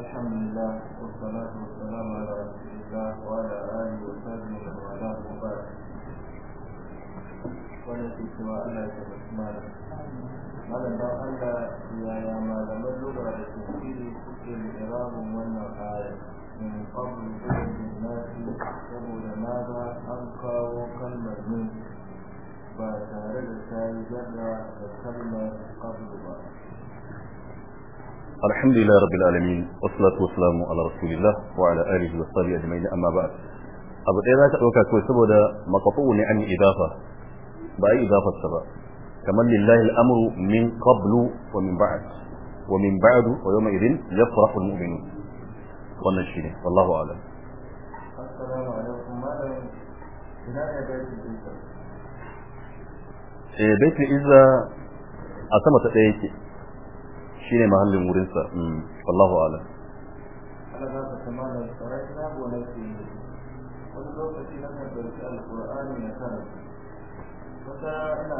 الحمد لله والصلاة والسلام على رسول الله وعلى آله وصحبه ومن والاه ونسي سوى الله سبحانه malam dan Allah yaya malaman lura da tafsiri suke lirabin wannan ayar min qabl ilmin nasi saboda na ga an kawo kalmar min ba tare da ta yi da kalmar qabl ba الحمد لله رب العالمين والصلاة والسلام على رسول الله وعلى آله وصحبه أجمعين أما بعد أبو إذا تأوك كوي سبودا مقطوني عن إضافة بأي إضافة سبا كمن لله الأمر من قبل ومن بعد ومن بعد ويومئذ يفرح المؤمنون ونشينه والله أعلم السلام عليكم ماذا بيت الإزة إيه، بيت الإزة أسمت أيكي shine mahallin wurin mm, wallahu a'lam Allah lokaci na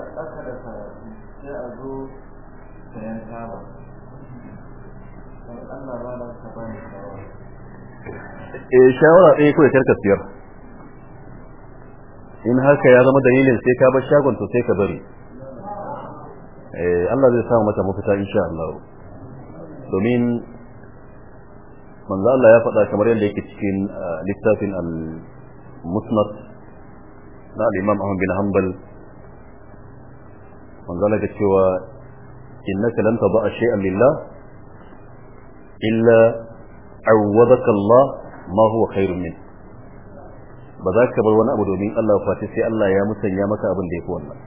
tsaka da sai a zo bani shawara eh, shawara ɗaya kawai karka siyar in haka ya zama dalilin sai ka bar shagon to sai ka bari eh, Allah zai samu mata mafita insha Allah domin manzo Allah ya faɗa kamar yadda yake cikin uh, littafin al-musnad na al-imam Ahmad bin Hanbal manzo Allah ya cewa innaka lan tada'a shay'an lillah illa awwadaka Allah ma huwa khairun min ba za ka bar wani abu domin Allah fati sai Allah ya musanya maka abin da yafi wannan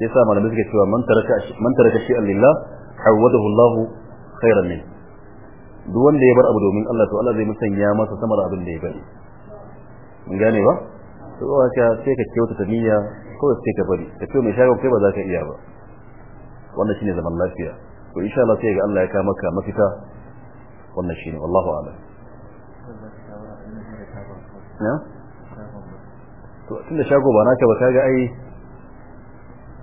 yasa malamai suka cewa man taraka man taraka shay'an lillah awwadahu Allah khairan min duk wanda ya bar abu domin Allah to Allah zai musanya masa samar abin da ya bari mun gane ba to ka sai ka kyauta ta niyya ko sai ka bari ka kyauta mai shagon kai ba za ka iya ba wannan shine zaman lafiya to insha Allah sai ga Allah ya kawo maka mafita wannan shine wallahu a'lam na to tunda shago ba naka ba kaga ai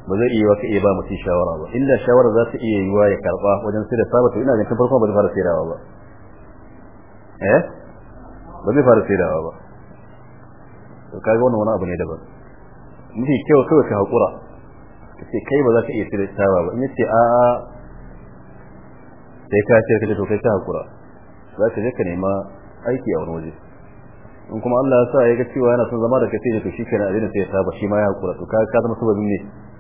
ba zai iya waka iya ba mutum shawara ba inda shawara za su iya yiwa ya karba wajen sai da sabata ina jin farko ba zai fara sayarwa ba eh ba zai fara sayarwa ba to kai wannan wani abu ne daban mafi kyau kawai ka haƙura ka ce kai ba za ka iya sayarwa ba in yace a a sai ka ce ka to kai ka haƙura za ka je ka nema aiki a wani waje in kuma Allah ya sa ya ga cewa yana son zama da kai sai to shikenan a daina sai ya saba shi ma ya haƙura to ka ka zama sababin ne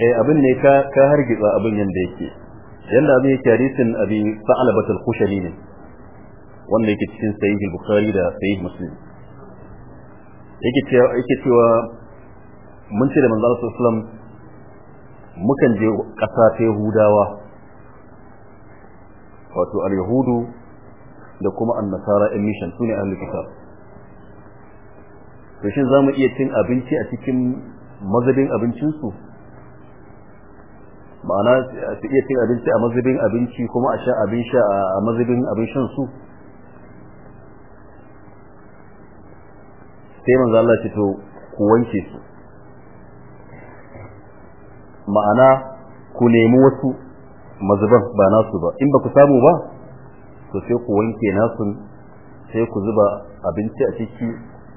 eh abin ne ka ka hargitsa abin yanda yake yanda abin yake hadisin abi sa'alabat al khushali ne wanda yake cikin sahih al-bukhari da sahih muslim yake cewa yake cewa mun ce da manzo sallallahu alaihi wasallam mukan je ƙasa ta Yahudawa wato al-yahudu da kuma an-nasara in mission sune ahli kitab to shin zamu iya cin abinci a cikin mazabin abincinsu ma'ana su iya cin abinci a mazubin abinci kuma a sha abin sha a mazubin abin shan su sai man Allah ce to ku wanke su ma'ana ku nemi wasu mazuban ba nasu ba in ba ku samu ba to sai ku wanke nasu sai ku zuba abinci a ciki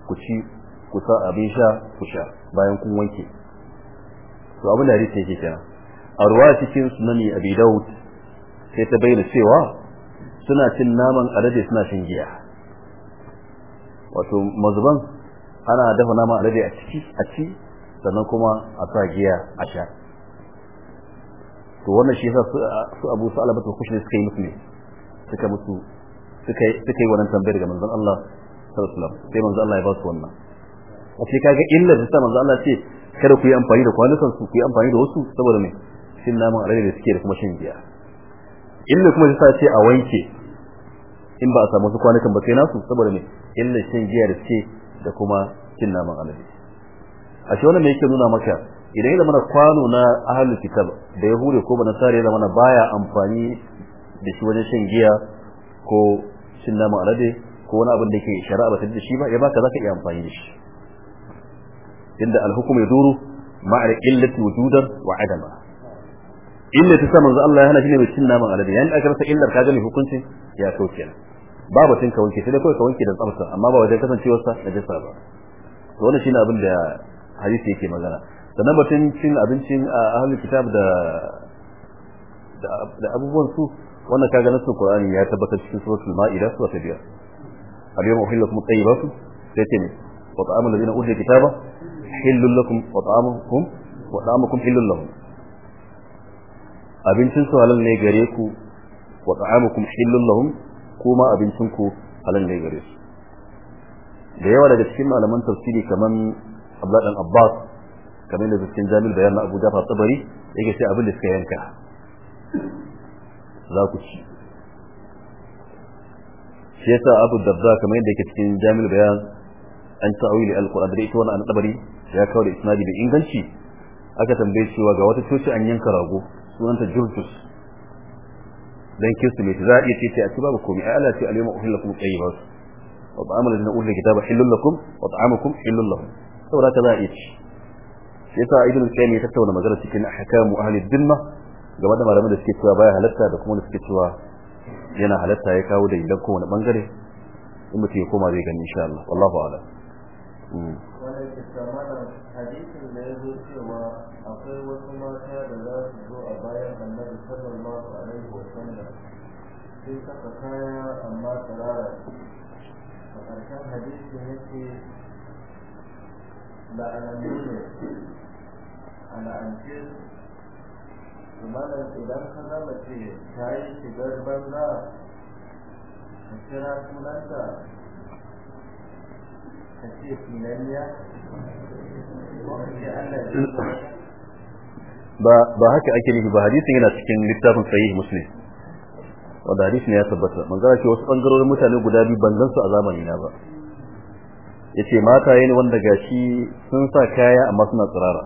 ku ci ku sa abin sha ku sha bayan kun wanke to abin da ya yake kenan a ruwa cikin sunani abi daud sai ta bayyana cewa suna cin naman alade suna cin giya wato mazuban ana dafa naman alade a ciki a ci sannan kuma a sa giya a sha to wannan shi yasa su Abu su to kushne suka yi musu ne suka musu suka suka yi wannan tambayar ga manzon Allah sallallahu alaihi wasallam sai manzon Allah ya ba su wannan a ce kaga illar da manzon Allah ce kada ku yi amfani da kwanukan su ku yi amfani da wasu saboda me cin naman alade da suke da kuma shan giya inda kuma ta ce a wanke in ba a samu su kwanukan ba sai nasu saboda ne inda shan giya da suke da kuma cin naman alade a shi wannan yake nuna maka idan ya zama kwano na ahalin kitab da ya hure ko bana sare ya zama baya amfani da shi wajen shan giya ko cin naman alade ko wani abin da ke shari'a ba ta da shi ba ya baka ka iya amfani da shi inda alhukum yaduru ma'ar illati wujudan wa adama illa ta sa manzo Allah ya hana shi ne cin naman alade yayin da aka rasa illar ka gani hukuncin ya kau kenan ba batun ka wanke sai dai kawai ka wanke da tsafta amma ba wajen kasancewar sa da jasa ba to wannan shine abin da hadisi yake magana sannan batun cin abincin a ahlul kitab da da abubuwan su wannan kaga nasu Qur'ani ya tabbatar cikin suratul Ma'ida sura ta biyar al-yawma uhillu lakum tayyibatu sai ce ne wa ta'amul ladina utul kitaba hillul lakum wa ta'amukum wa ta'amukum hillul lahum abincin su halal ne gare ku wa ta'amukum halal lahum kuma abincin ku halal ne gare su da yawa daga cikin malaman tafsiri kaman Abdullah dan Abbas kaman da cikin Jamil bayan Abu Jafar Tabari yake sai abin da suka yanka za ku ci shi yasa Abu Darda kaman yadda yake cikin Jamil bayan an ta'awili al-Qur'an da ita wannan an Tabari ya kawo da isnadi da inganci aka tambaye cewa ga wata coci an yanka rago sunanta jurjus dan kirsimeti za a iya ce a ci babu komai ai Allah ce alyawma uhillu lakum tayyibat wa ta'amul ladina utul kitaba hillul lakum wa ta'amukum hillul lahum saboda ka za a iya ci yasa ya tattauna magana cikin ahkamu ahli game da malaman da suke cewa baya halatta da kuma da suke cewa yana halatta ya kawo da idan kowane bangare in mutum ya koma zai gani insha Allah wallahu a'lam hmm. malam idan ka mace ta yi shigar banza a kira sunanta ka ce finaniya ba haka ake nufi ba hadisin yana cikin littafin sahih muslim wanda ne ya tabbata manzo ce wasu bangarorin mutane guda biyu ban su a zamani na ba ce mata yi ni wanda gashi sun sa kaya amma suna tsirara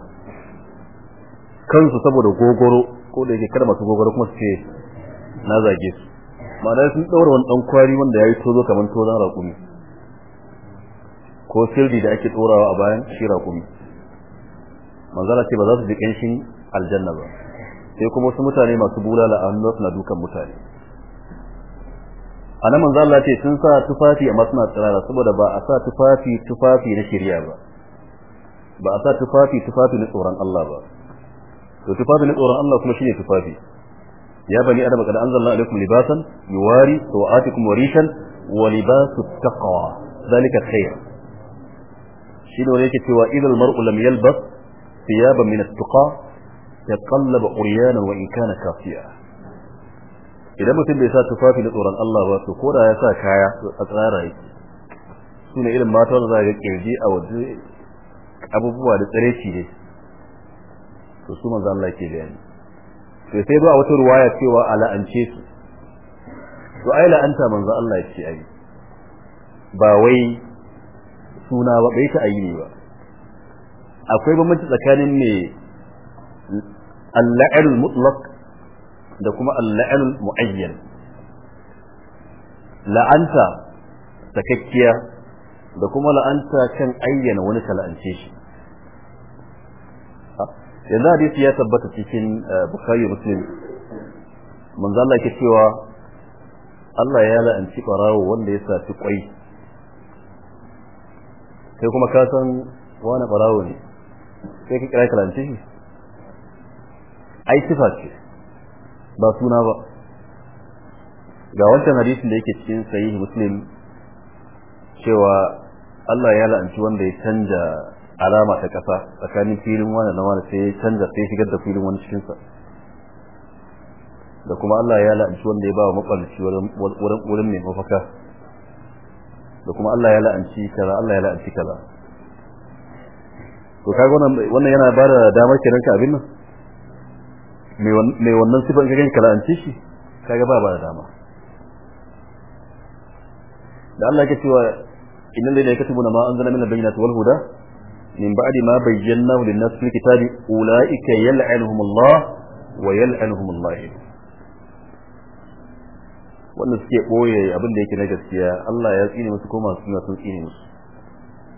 kansu saboda gogoro ko da yake kada masu gogoro kuma su ce na zage su ma'ana sun daura wani dan kwari wanda yayi tozo kamar tozan raƙumi ko sirri da ake tsorawa a bayan shi raƙumi manzala ce ba za su ji ƙanshin aljanna ba sai kuma wasu mutane masu bulala a hannu suna dukan mutane a nan manzo Allah ce sun sa tufafi amma suna tsirara saboda ba a sa tufafi tufafi na shari'a ba ba a sa tufafi tufafi na tsoron Allah ba to tufafi na tsoron Allah kuma shine tufafi ya bani adama kada anzalna alaikum libasan yuwari sawatikum wa rishan wa libasu taqwa zalika khair shi ne wani yake cewa idal mar'u lam yalbas thiyaban min at-tuqa yaqallaba uryana wa in kana kafiya idan mutum bai sa tufafi na tsoron Allah ba to ko ya sa kaya a tsara yake su ne irin mata da za ga kirji a waje abubuwa da tsare ne to su manzo Allah yake bayani to sai zuwa wata ruwaya cewa ala'ance su to ai la'anta manzo Allah yake ai ba wai suna ba bai ta ayi ba akwai bambanci tsakanin me al-la'n mutlaq da kuma al muayyan la'anta sakakkiya da kuma la'anta kan ayyana wani ka la'ance shi yanzu hadisi ya tabbata cikin eh, bukari muslim manzo Allah yake cewa Allah ya la'anci barawo wanda ya saci kwai Sai kuma ka san wani barawo ne sai ka kira kalance shi ai sifa ce ba suna ba ga wancan hadisin da yake cikin sahih muslim cewa Allah ya la'anci wanda ya canja alama ta ƙasa tsakanin filin wani na wani sai canza sai shigar da filin wani cikinsa da kuma Allah ya la'anci wanda ya ba wa makwalci wurin mai mafaka da kuma Allah ya la'anci kaza Allah ya la'anci kaza to kaga wannan yana ba da damar kenan ka abin nan mai wannan sifan kagan ka la'anci shi kaga ba ba da dama da Allah ya ce wa innal ladina yaktumuna ma anzalna min al-bayyinati wal huda min ba'di ma bayyana lin nas fil kitabi ulaika yal'anuhum Allah wa yal'anuhum Allah wanda suke ɓoye abin da yake na gaskiya Allah ya tsine musu ko masu suna sun tsine musu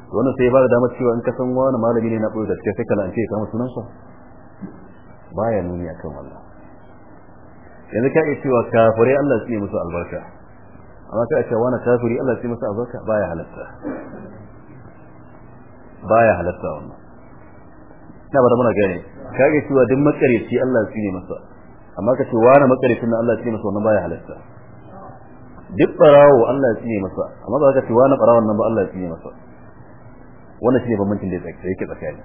wannan sai ba da damar cewa in ka san wani malami ne na boye gaskiya sai ka lance ka kama sunansa baya nuni akan wannan yanzu ka iya cewa kafirai Allah ya tsine musu albarka amma kai a ce wani kafiri Allah ya tsine musu albarka baya halatta baya halatta wannan na ba da muna gane kage cewa duk makareci Allah ya tsine masa amma ka ce wani makarecin nan Allah ya tsine masa wannan baya halatta duk barawo Allah ya tsine masa amma ba ka ce wani barawon nan ba Allah ya tsine masa wannan shine bambancin da yake tsakani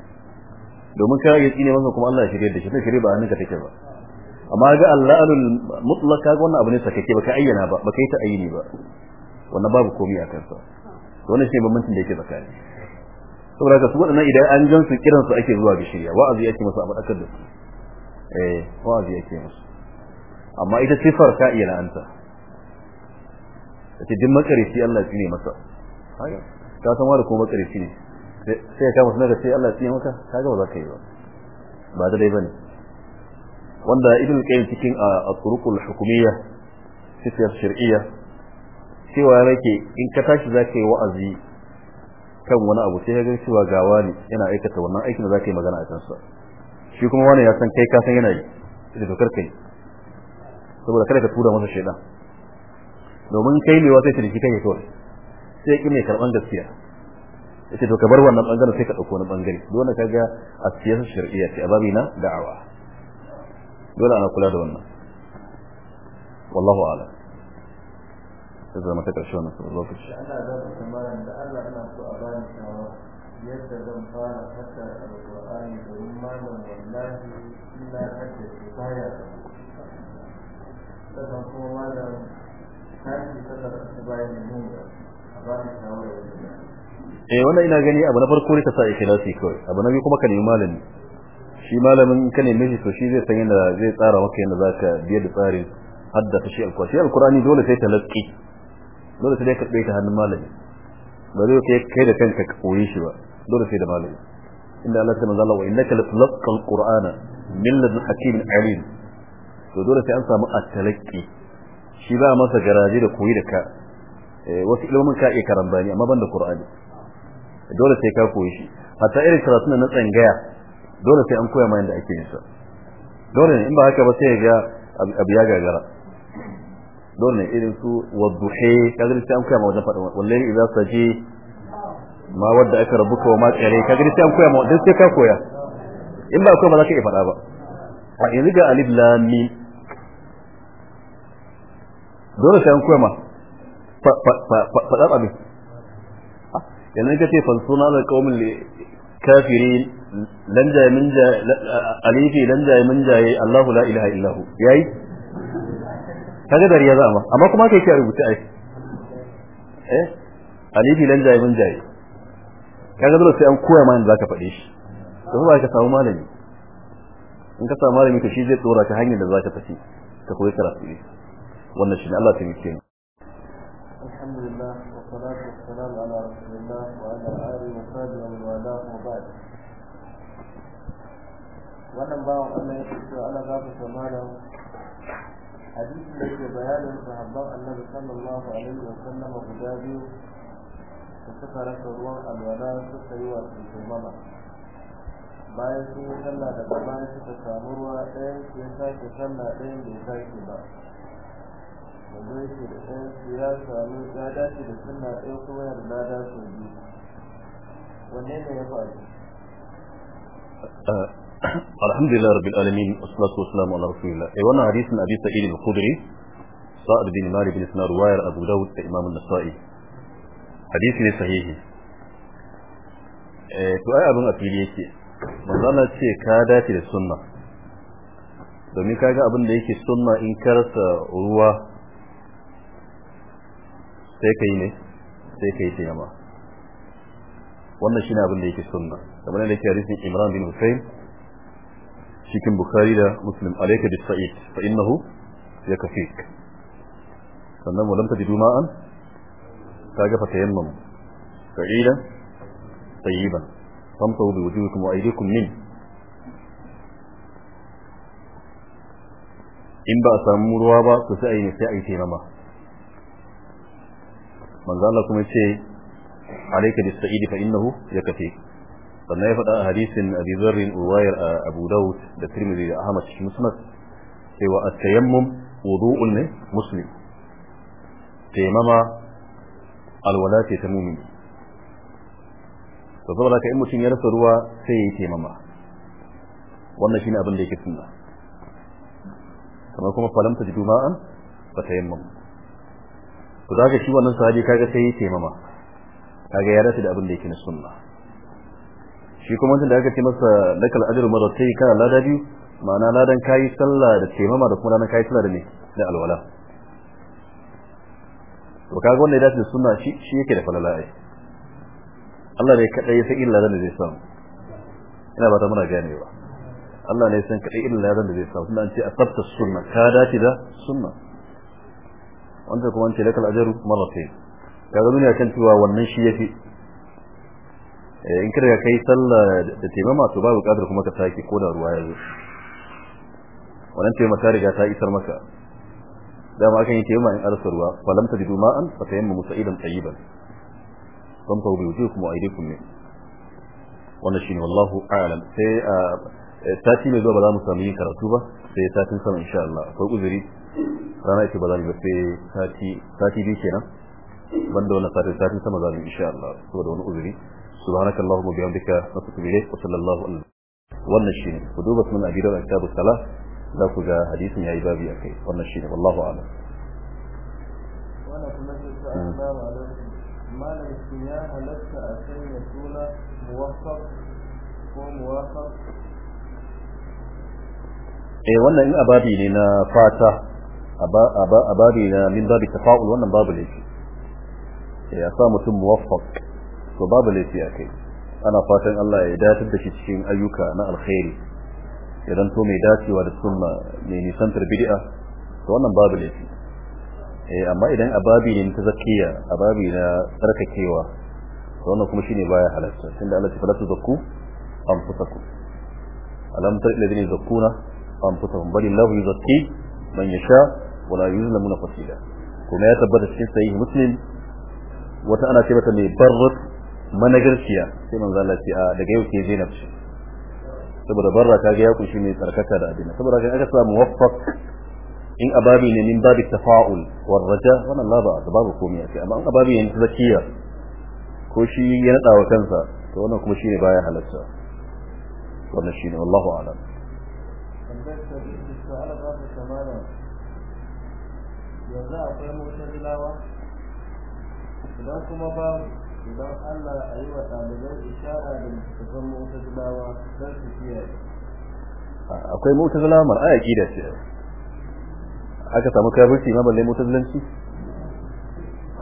domin ka ya tsine masa kuma Allah ya shirye da shi sai shirye ba hannunka take ba amma ga Allahul mutlaq ga wannan abu ne sakake baka ayyana ba baka yi ta ayyini ba wannan babu komai a kansa wannan shine bambancin da yake tsakani saboda ka su waɗannan idan an jan su kiran su ake zuwa bishiriya wa'azi ake musu a madakar da su eh wa'azi ake musu amma ita sifar ka iya anta kace din makarici Allah tsine masa kaga ka san wani ko makarici ne sai ka musu naga sai Allah tsine maka kaga ba za ka yi ba ba da dai bane wanda ibn qayyim cikin ah, at-turuqul hukumiyya sifar shar'iyya cewa yake in ka tashi za yi wa'azi kan wani abu sai ya ga cewa ga wani yana aikata wannan aikin da zaka yi magana a sa, shi kuma wani ya san kai ka san yana yi da dokar kai saboda kada ka tura masa shaidan domin kai ne wasai shirki kai to sai ki mai karban gaskiya yace to ka bar wannan bangaren sai ka dauko wani bangare dole kaga a siyasar shar'iyya ce a na da'awa dole ana kula da wannan wallahu a'lam إذا ما تكعش وانا في الله تكعش أنا أدب كمالا لألا أنا القرآن شعر يدد قال حتى القرآن برمان والله إلا حتى الكفاية لكن هو ماذا كان في سبب الكفاية من هنا أبان شعر eh wannan ina gani abu na farko ne ta sa ikhlasi kawai abu na biyu kuma ka nemi malami shi malamin ka nemi shi to shi zai san yadda zai tsara maka yadda zaka biyar da tsarin hadda ta shi alkurani dole sai talaqi dole sai ka tsaye ta hannun malami ba zai kai kai da kanka ka koyi shi ba dole sai da malami inda Allah ta manzala wa innaka latulqa alqur'ana min ladun hakimin alim to dole sai an samu at-talaqqi shi ba masa garaje da koyi da ka eh, wasu ilimin ka iya karambani amma ban da qur'ani dole sai ka koyi shi hatta irin karatu na tsangaya dole sai an koya ma yanda ake yin sa dole ne in ba haka ba sai ya ga abu ya gagara Dole irin su wadduhe kaga sai an koya ma wajen faɗa wallahi idza saji ma wadda aka rabuka wa ma tsare kaga sai an koya ma wajen sai ka koya in ba koya ba za ka iya faɗa ba a yanzu ga alif lam mim dole sai an koya ma faɗa ba abin ah, yanzu ka ce fansuna da kaumin kafirin lan jaye min jaye alifi lanjaye jaye min jaye Allahu la ilaha illahu yayi kaga dare ya zama amma kuma kai ke rubuta ai eh alibi lan jayi mun jayi kaga dole sai an koya ma za ka shi to ba ka samu malami in ka samu malami to shi zai tsora ka hanyar da za ka tafi ka koyi karatu wannan shi ne Allah ta yi kenan alhamdulillah guda biyu da suka rasa ruwan alwala suka yi wasu tumama bayan sun yi sallah daga bayan suka samu ruwa ɗayan su ya sake sallah ɗayan bai sake ba yanzu yake da ɗayan su ya samu ya dace da sunna ɗaya kuma ya lada sau biyu wanne ne ya faru alhamdulillah rabbil alamin wassalatu wassalamu ala rasulillah eh wannan hadisin abi sa'id al-khudri sa'ad bin malik bin sinar ruwayar abu dawud da imam an-nasa'i hadisi ne sahihi eh to ai abin afili yake manzo Allah ce ka dace da sunna domin kaga abin da yake sunna in karsa ruwa sai kai ne sai kai ma wannan shine abin da yake sunna kamar da yake hadisin Imran bin Husayn cikin Bukhari da Muslim alayka bis sa'id fa innahu yakfik sannan walam tajidu ma'an kaga fa tayammam sa'idan tayyiban famtu bi wujuhikum wa aydikum min in ba samu ruwa ba to sai ayi sai ayi tayammama manzo Allah kuma ce alayka bisaidi fa innahu yakfi sannan ya fada hadisin Abi Dharr uwayr Abu daud da Tirmidhi da Ahmad shi Musnad cewa at-tayammum wudu'un muslim taimama alwala ce ta mumini to saboda ka in mutum ya rasa ruwa sai ya yi taimama wannan shine abin da yake sunna kamar kuma falam ta jidu ma'an ba ta yammamu to zaka shi wannan sahabi kaga sai ya yi taimama kaga ya rasa da abin da yake na sunna shi kuma wancan da aka ce masa lakal ajru maratai kana lada biyu ma'ana ladan kayi sallah da taimama da kuma ladan kayi sallah da ne da alwala to kaga wanda ya dace sunna shi shi yake da falala ai Allah ne kadai ya san illa da zai samu ina ba ta muna gane ba Allah ne san kadai illa da zai samu an ce asabta sunna ka dace da sunna wanda kuma an ce lakal ajru marratayn kaga duniya kan tuwa wannan shi yake eh, in kirga kai sallah da taimama to babu kadar kuma ka sake ko da ruwa ya zo wannan tema ta riga ta isar maka dama akan yi taimaka in arsa ruwa falam ta jidu ma'an fa tayamma musa'idan tayyiban kam ko bi wujukum wa aydikum ne wannan shine wallahu a'lam sai sati mai zuwa ba za mu samu yin karatu ba sai satin sama insha Allah akwai uzuri rana ce ba za mu ba sai sati sati biyu kenan banda wannan satin satin sama za mu insha Allah saboda wani uzuri subhanakallahumma bihamdika nastaghfiruka wa sallallahu alaihi wannan shine ku duba sunan abi dawud kitabu salah za ku ga hadisin yayi babi kai wannan shine wallahu a'lam wannan kuma sai hmm. malam shi ya halatta a sanya suna muwaffaq ko muwaffaq eh wannan in ababi ne na fata ababi na min babi tafa'ul wannan babu laifi ya eh, sa mutum muwaffaq to babu laifi a kai ana fatan Allah ya datar da shi cikin ayyuka na alkhairi ya zanto mai dacewa da sunna mai nisantar bid'a to wannan babu laifi eh amma idan ababi ne ta zakiya ababi na tsarkakewa to wannan kuma shine baya halatta tunda Allah ya fara su zakku anfusakum alam tar ila dini zakkuna anfusahum bal illahu yuzakki man yasha wa la yuzlamuna fatila kuma ya tabbata cikin sahihi muslim wata ana ce mata mai barrat managarciya sai manzo Allah ya ce a daga yau ke Zainab ce saboda barra ta ga ya shi mai tsarkaka da adina saboda ga aka samu muwaffaq in ababi ne min babu tafa'ul war raja wannan laba da babu komai ake amma in ababi ne zakiya ko shi ya nada wa kansa to wannan kuma shi ne baya halatta wannan shine wallahu a'lam yanzu akwai mutane lawa idan kuma ba Idan Allah a yi wa ɗalibai ishara da littattafan mutazilawa don su kiyaye akwai mutazilawa mara aya kida ce aka samu kafirci ma balle mutazilanci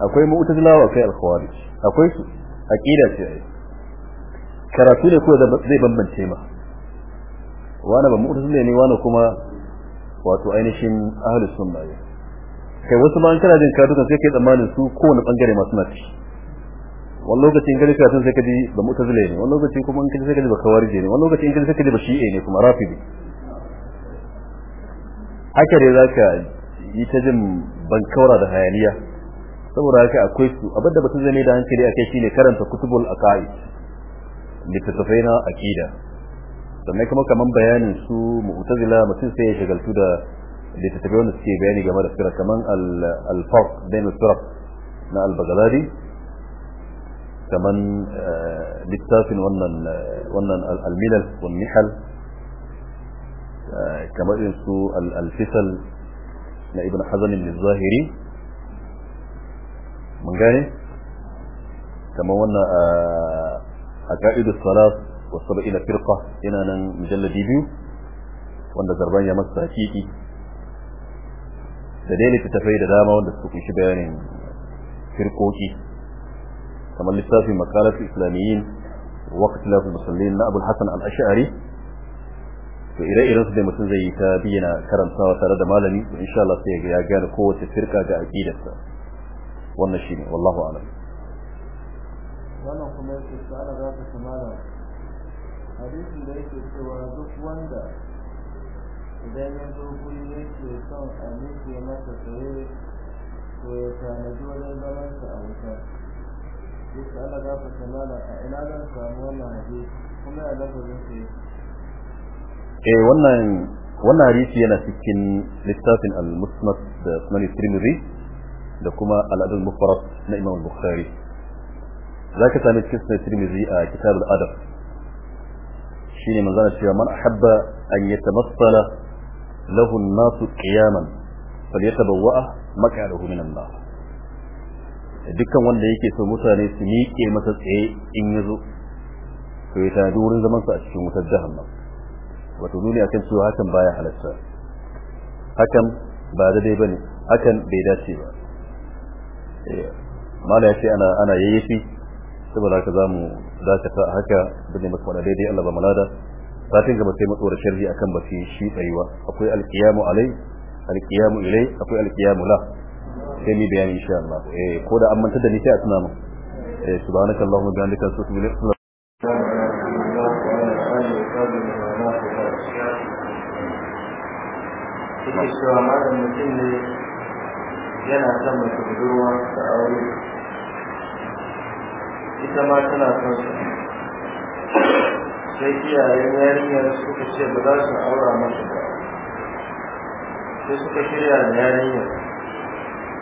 akwai mutazilawa akwai alkhawari. akwai su da ce karatu ne kuwa zai bambance ma Wane ba mu'tazila ne wane kuma wato ainihin ahalisun sunna ne kai wasu ma an kana jin karatu kan sai ke tsammanin su kowane bangare masu nati wani lokacin kaji karatun sai kaji ba mu mutazile ne wani lokacin kuma in kaji sai kaji ba kawarje ne wani lokacin in kaji sai kaji ba shi'e ne kuma rafidi haka dai ka yi ta jin bankaura da hayaniya saboda haka akwai su abin da mutum zai ne da hankali akai shine karanta kutubul aqaid littattafai na aqida sannan kuma kaman bayanin su mu'tazila mutum sai ya shagaltu da littattafai wanda suke bayani game da sirra kaman al-farq bain al-sirr na al-baghdadi كمان بالتافن آه، ونن آه، ونن الملل والنحل آه، كما ينسو الفصل لابن ابن حزن للظاهري من جاني كما ونا أكائد الصلاة والسبعين فرقة هنا نن مجلد ديبيو وانا زربان يمس تأكيدي تدالي تتفايد داما وانا سوكي شبيان فرقوكي كما لسا في مقالة الإسلاميين وقت لا في المسلين لأبو الحسن الأشعري في إرأي رنس دي زي تابينا كرم ساوة رد مالني وإن شاء الله سيجي أجان قوة الفرقة جاء أكيدة والنشين والله أعلم وانا قمت السؤال غابة مالا حديث ليس استوازوك واندا إذا ينظر كل ليس يسان أميك يمسك إيه ويتانجو للبلد أو كان sai ka ala gafa salala a ina zan samu wannan hadisi kuma ya zaka zan sai eh wannan wannan hadisi yana cikin littafin al-musnad da sunan tirmidhi da kuma al-adab mufrad na imam bukhari zaka sami cikin sunan tirmidhi a kitab al-adab shine manzon cewa man ahabba an yatamassala lahu an-nasu qiyaman falyatabawwa maq'adahu min an-nar dukkan wanda yake so mutane su miƙe masa tsaye in ya zo to ya tanadi wurin zaman sa a cikin wutar jahannam wato nuni akan cewa hakan baya halatta hakan ba daidai bane hakan bai dace ba eh, mala ya ce ana ana yayyafi saboda haka zamu dakata haka bane maka wala daidai Allah ba malada satin gaba sai matsora sharri akan bati shi tsayuwa akwai alqiyamu alai alqiyamu ilai akwai alqiyamu la sai ni bayani insha Allah eh ko da an manta da ni sai a tuna mu eh subhanaka allahumma bihamdika subhanaka suke cewa malam mutum ne yana son mace budurwa da aure ita ma tana son su sai iyayen yarinyar suka ce ba za su aura masu ba sai suka shirya da yarinyar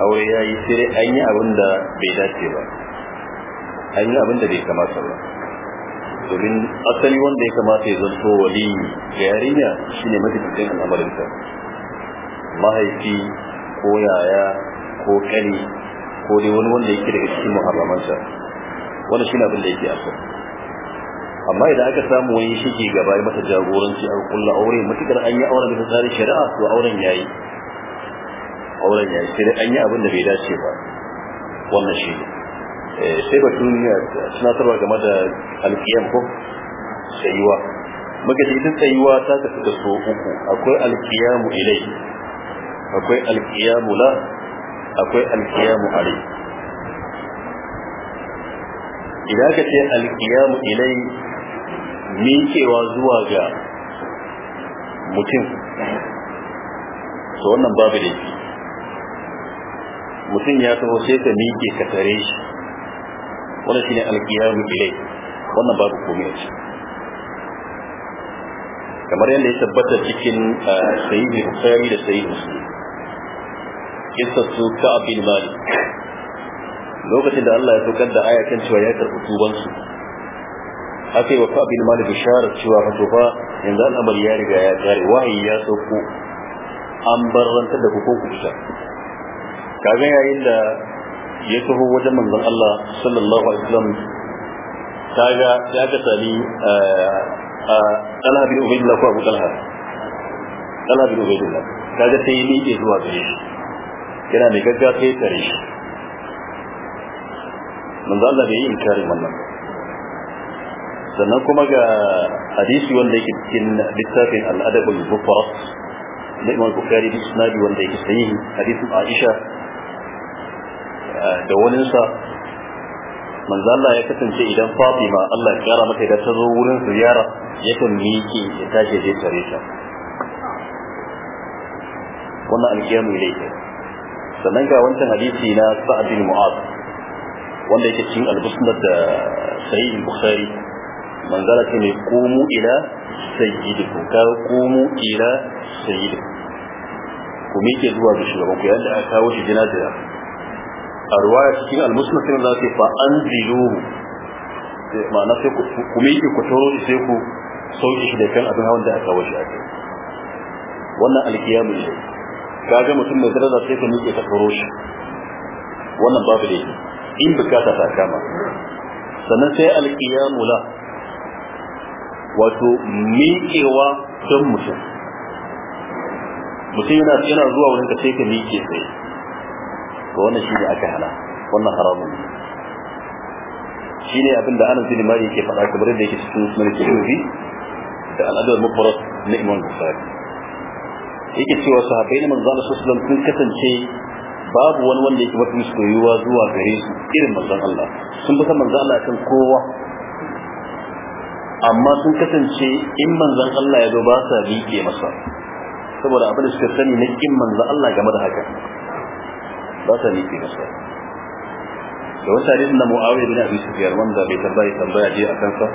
aure ya yi sai an yi abin da bai dace ba an yi abin da bai kamata ba domin asali wanda ya kamata ya zanto wali ga yarinya shine mafificin al'amarinta mahaifi ko yaya ko kani ko dai wani wanda yake daga cikin muharramansa wanda shine abin da yake asali amma idan aka samu wani shige gaba ya mata jagoranci a kulla aure matuƙar an yi auren da tsarin shari'a to auren ya yi. auren ya sai an yi abin da bai dace ba wannan shi ne eh, sai ba duniya tunatarwa game da alkiyam ko tsayuwa muka ji idan tsayuwa ta tafi da so uku akwai alkiyamu ilai akwai alkiyamu la akwai alkiyamu alai idan ka ce alkiyamu ilai miƙewa zuwa ga mutum to wannan babu da mutum ya taho sai ka miƙe ka tare shi wannan shine alqiyamu ilai wannan babu komai ce kamar yadda ya tabbata cikin eh, sayyid bukhari da sayyid muslim kissar su ka'ab bin malik lokacin da Allah ya saukar da ayatin cewa ya karɓi tubansu aka yi wa ka'ab bin malik bishara cewa wato fa yanzu al'amari ya riga ya tsare wahayi ya sauko an bar barrantar da ku ko kusa kaga yayin da ya taho wajen manzon Allah sallallahu alaihi wasallam kaga ya ga sali a Talha bin Ubaydullah ko Abu Talha Talha bin Ubaydullah kaga sai ni ke zuwa gare shi yana mai gaggawa sai tare shi manzon Allah bai yi kare wannan sannan kuma ga hadisi wanda yake cikin littafin al-adab al-mufrad da Imam Bukhari da Sunan wanda yake sahihi hadisin Aisha da waninsa manzo Allah ya kasance idan Fatima Allah ya kara mata idan ta zo wurin ziyara yakan miƙe ya tashi je tare ta wannan alƙiyamu ne ke sannan ga wancan hadisi na Sa'ad bin Mu'adh wanda yake cikin al-Musnad da Sahih Bukhari manzo Allah ce ne qumu ila sayyidikum ka qumu ila sayyidikum ku miƙe zuwa ga shugaban ku yadda aka kawo shi jinaza a ruwaya cikin almusnafin za su fa an zilu ma'ana sai ku miƙe ku toro shi sai ku sauki shi da kan abin hawan da aka kawo shi a kai wannan alkiyamu ne ka ga mutum mai daraja sai ka miƙe ka toro shi wannan babu ne in bukata ta kama sannan sai alkiyamu la wato miƙewa don mutum mutum yana zuwa wurin ka sai ka miƙe sai. to wannan shine aka hana wannan haramun shine abin da anan bin Malik yake faɗa kamar da yake cikin sunan Tirmidhi da al'adar adab al-Mufrad na Imam Bukhari yake cewa sahabbai na manzo Allah sallallahu alaihi sun kasance babu wani wanda yake mafi soyuwa zuwa gare su irin manzon Allah sun bi san Allah kan kowa amma sun kasance in manzon Allah ya zo ba sa rike masa saboda abin da suka sani na kin manzo Allah game da haka ba sa miƙe gaskiya da wasu hadisin da mu'awiyah bin abi sufyan wanda bai tambaya tambaya je akan sa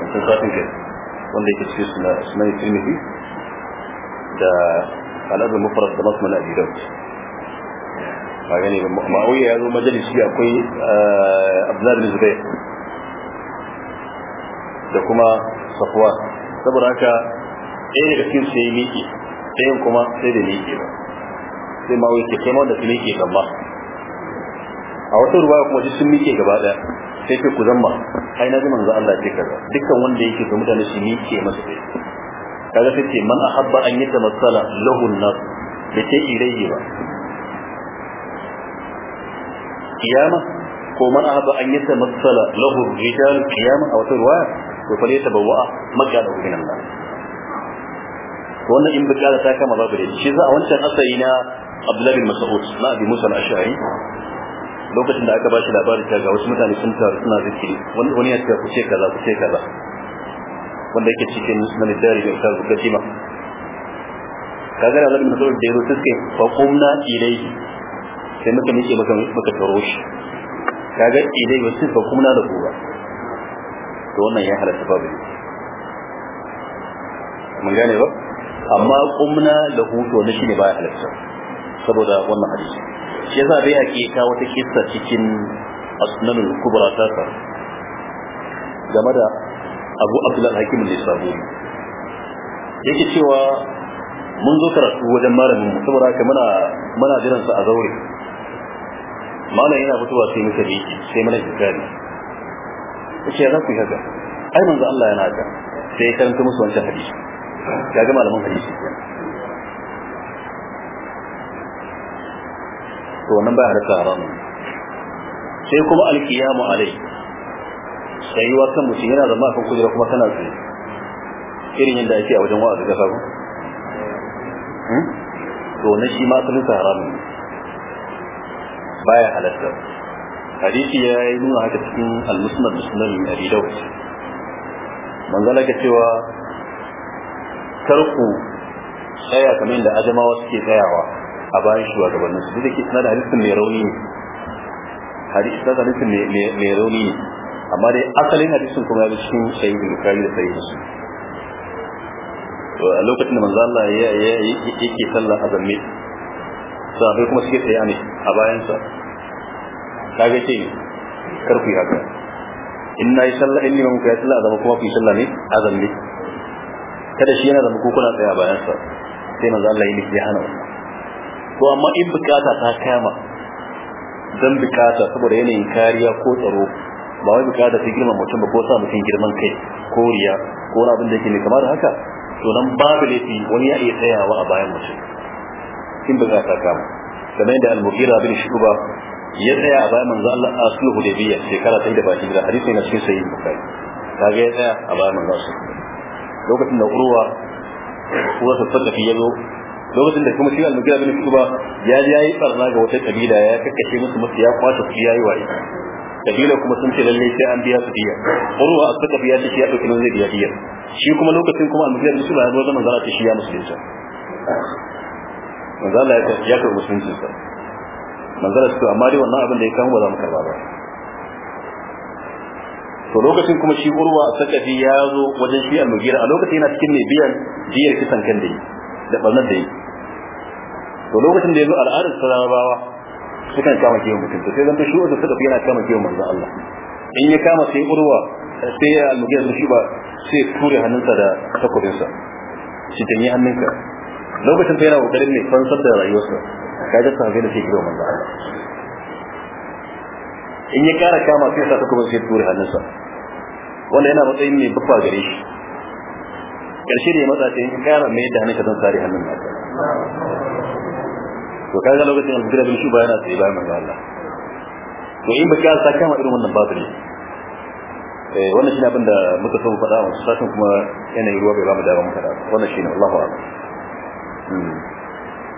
wancan satin kai wanda yake cikin suna sunan tirmidhi da al'adar mufarar da masu na abi daud ba gani mu'awiyah ya zo majalisi akwai eh, abdullah bin zubair da kuma safwan saboda haka ɗaya daga cikin sai miƙe ɗayan kuma sai da miƙe ba sai ma wai kai ma su gaba a wata ruwa kuma shi sun miƙe gaba sai ce ku zama ai na ji manzo Allah ce kaza dukkan wanda yake ga mutane su miƙe masa dai kaga sai ce man ahabba an yata masala lahu nas da ce ilayhi ba kiyama ko man ahabba an yata masala lahu rijal kiyama a wata ruwaya to fa ya tabawwa maka da hukumin wannan in bukata ta kama babu da shi za a wancan asali na abdullahi bin mas'ud na abi musa al-ash'ari lokacin da aka bashi labarin ta ga wasu mutane sun taru suna zikiri wani wani ya ce ku ce kaza ku ce kaza wanda yake cikin sunan dari da ta zuka jima kaga da bin mas'ud da yazo suke fa qumna ilayhi sai muka nike maka muka taro shi kaga ilayhi wasu fa qumna da gowa to wannan ya halatta babu mun gane ba amma kumna lahu to ne shine baya halatta saboda wannan hadisi shi yasa bai ake ka wata kissa cikin asnanul kubra ta sa game da abu abdullahi hakim ne sabo yake cewa mun zo karatu wajen malamin mu saboda haka muna muna jiran sa a zaure malam yana fitowa sai muka bi sai mana hikari yace ya ku haka ai manzo Allah yana haka sai ya karanta musu wancan hadisi ga malamin hadisi kenan to wannan baya halatta haramun sai kuma alkiyamu alai tsayuwa kan mutum yana zama kan kujera kuma tana tsaye irin yadda ake a wajen wa'azi kasa ko hmm? to na shi ma asalin sa haramun baya halatta hadisi ya yi nuna haka cikin al-musnad musnad min abi dawud manzala ke cewa tarku tsaya kamar da wasu ke tsayawa a bayan shugabannin su ke da da hadisin mai rauni ne hadisi da hadisin mai rauni ne amma dai asalin hadisin kuma ya cikin sai bukari da sai su a lokacin da manzo Allah ya yake sallah azumi sahabbai kuma suke tsaya ne a bayan sa kaga ce kar ku yi haka in na yi sallah in neman ku ya sallah azumi kuma ku yi sallah ne azumi kada shi yana zama ko kuna tsaya bayan sa sai manzo Allah ya yi hana wannan to amma in bukata ta kama dan bukata saboda yanayin kariya ko tsaro ba wai bukata ta girma mutum ba ko sa mutum girman kai ko riya ko wani abin da yake ne kamar haka to nan babu laifi wani ya iya tsayawa a bayan mutum in bukata kama kamar yadda al-mughira bin shuba ya tsaya a bayan manzo Allah a sulhu hudaybiya shekara ta da baki da hadisi na cikin sahih bukhari kaga ya tsaya a bayan manzo lokacin da urwa uwarsa ta fiye zo lokacin da kuma shi al-mugira bin kuba ya ji yayi barna ga wata kabila ya kakkashe musu musu ya kwashe su yayi waye kabila kuma sun ce lalle sai an biya su diya urwa as-sakafi ya ce ya dauki nan zai biya diya shi kuma lokacin kuma al-mugira bin kuba ya zo da manzara ta shi ya musulunta Manzara ya ya karɓi musulunci sa manzala su amma dai wannan abin da ya kama ba za mu karba ba to lokacin kuma shi urwa as-sakafi ya zo wajen shi al-mugira a lokacin yana cikin ne biyan diyar kisan kan da da ɓarnar da yi to lokacin da ya zo al'adar su sukan kama kewa mutum to sai zan ta shi wanda suka fi yana kama kewa manzo Allah in ya kama sai urwa sai ya almugiyar da shi ba sai ture hannunsa da takobinsa shi yi hannunka lokacin ta yana ƙoƙarin ne fansar da rayuwarsa ka ga sahabbai da shi kewa manzo Allah in ya kara kama sai sa takobin sai ture hannunsa wanda yana matsayin mai bafa gare shi karshe da ya matsa sai in kara mai da hannunka don sare hannun naka to kaga lokacin alfira bin shi yana tsaye bayan manzo Allah to in baka sa kama irin wannan babu ne eh wannan shi abin da muka so faɗa wa sashin kuma yanayin ruwa bai ba mu da muka da wannan shine Allahu akbar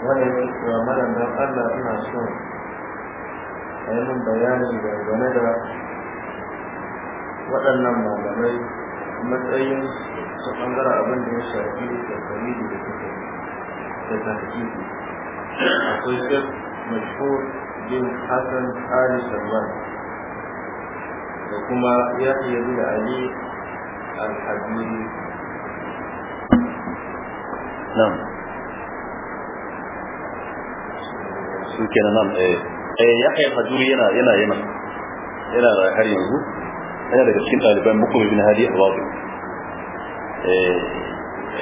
wannan ya malam dan Allah ina so a yi min bayani da waɗannan malamai matsayin ta bangaren abin da ya shafi da da da akwai shek mashhur bin Hassan Ali Salman da kuma iya bin Ali Al-Hadiri nan su kenan nan eh eh Yahya Hadiri yana yana yana yana har yanzu yana daga cikin ɗaliban Bukum ibn Hadi a wadi Eh,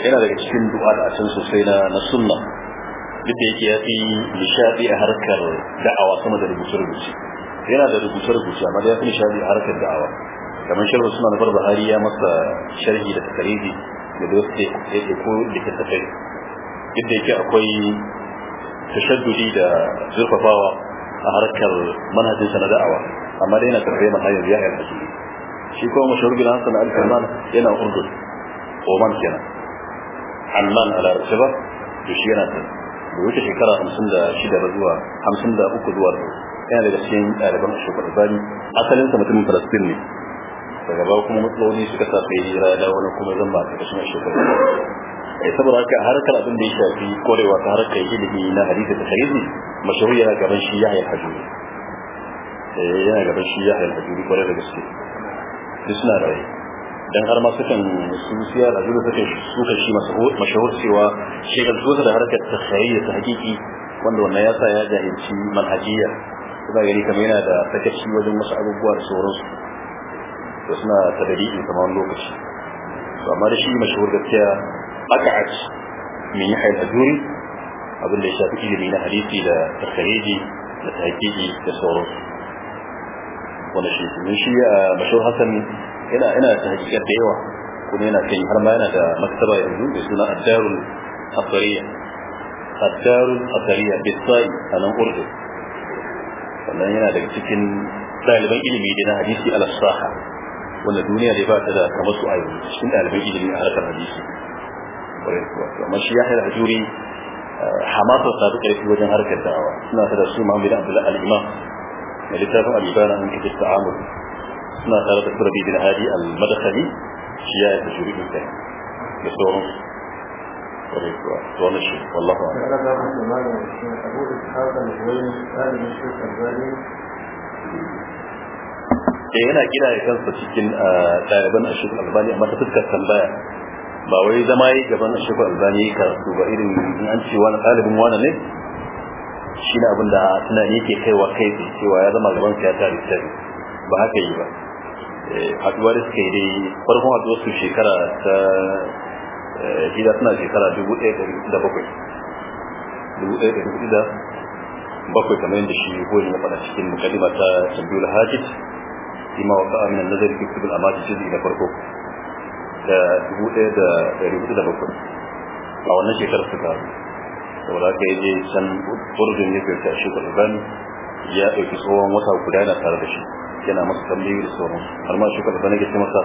yana daga cikin du'a da asan sosai na na sunna duk da yake ya fi nishadi a harkar da'awa sama da rubuce-rubuce yana da rubuce-rubuce amma da ya fi nishadi a harkar da'awa kamar sharhu suna na farba bahari ya masa sharhi da takariri da da ya ke ko da ta tafai duk da yake akwai tashaddudi da zurfafawa a harkar manhajinsa na da'awa amma dai yana karfe manhajar ya yi alhaji shi kuma mashahur bin hassan al-kalman yana urdun قومان كنا حلمان على رسبة يشيناتا بويتا شكرا خمسن دا شدا رزوا خمسن دا اوكو دوار انا لغا شين اربان الشوكر الباني اصل انت متنين فلسطيني فقبوا كما مطلوني سكتا في ايرا لا ونكم ازمع تكشن الشوكر إيه الباني اصبر اكا هارك الابن بيشا في كوري واتهارك ايدي الى حديثة تخيزني مشروعي انا كمان شياحي الحجوري ايه انا كمان شياحي الحجوري كوري لغا شين بسنا رأيه dan har ma sukan sunsiya da gudu sukan suka shi mashahur cewa zuwa da harkar tsayayya ta hakiki wanda wannan ya sa ya jahilci manhajiya kuma gani kamar yana da shi wajen wasu abubuwa da sauran su to suna tadari'i kamar wani lokaci to amma da shi mashahur gaskiya aka aci min yi hain azuri abin da ya shafi ilimi na hadisi da tasariya da tahqiqi da sauran su wannan shi ne shi mashahur hasan Ina yana da hakikar da yawa kuma yana kai har ma yana da maktaba yanzu da suna addarul asariya addarul asariya bisai a nan urdu sannan yana daga cikin ɗaliban ilimi da na hadisi al-saha wanda duniya da ba ta da kamar su a yanzu cikin ɗaliban ilimi a harkar hadisi amma shi eh, ya haɗa hajuri hamasa ta fi ƙarfi wajen harkar dawa. suna ta da su mahammadin abdullahi al-imam da littafin al-ibana an kaji ta'amul suna tare da surabi bin hadi al-madkhali shi ya yi tajribi kai da sauran wannan shi wallahi a'lam kada ga da shi abu da haka ne wani tsarin shi tsari eh yana kira ya kansa cikin ah, ɗaliban ashir albani a ta fuskar tambaya ba wai zama yi gaban ashir albani ka karatu ba irin in an ce wani ɗalibin wani ne shi ne abin da tunani yake kaiwa kai cewa ya zama gaban siyasa da ba haka yi ba Eh, haduwar suka yi dai farkon haduwar su shekara ta eh, gida suna shekara dubu ɗaya da bakwai dubu ɗaya da dubu da bakwai kamar yadda shi goyi ya faɗa cikin mukaddima ta tambiyul hajit ima wa ka'a min nazari fi kutubul amati juz'i na farko da dubu ɗaya da dubu da bakwai a wannan shekarar suka saboda haka ya je can urdun ya kai ta shi ya ɗauki tsohon wata guda na tare da shi yana masa tambayoyi da sauran har ma shi kafa nake ce masa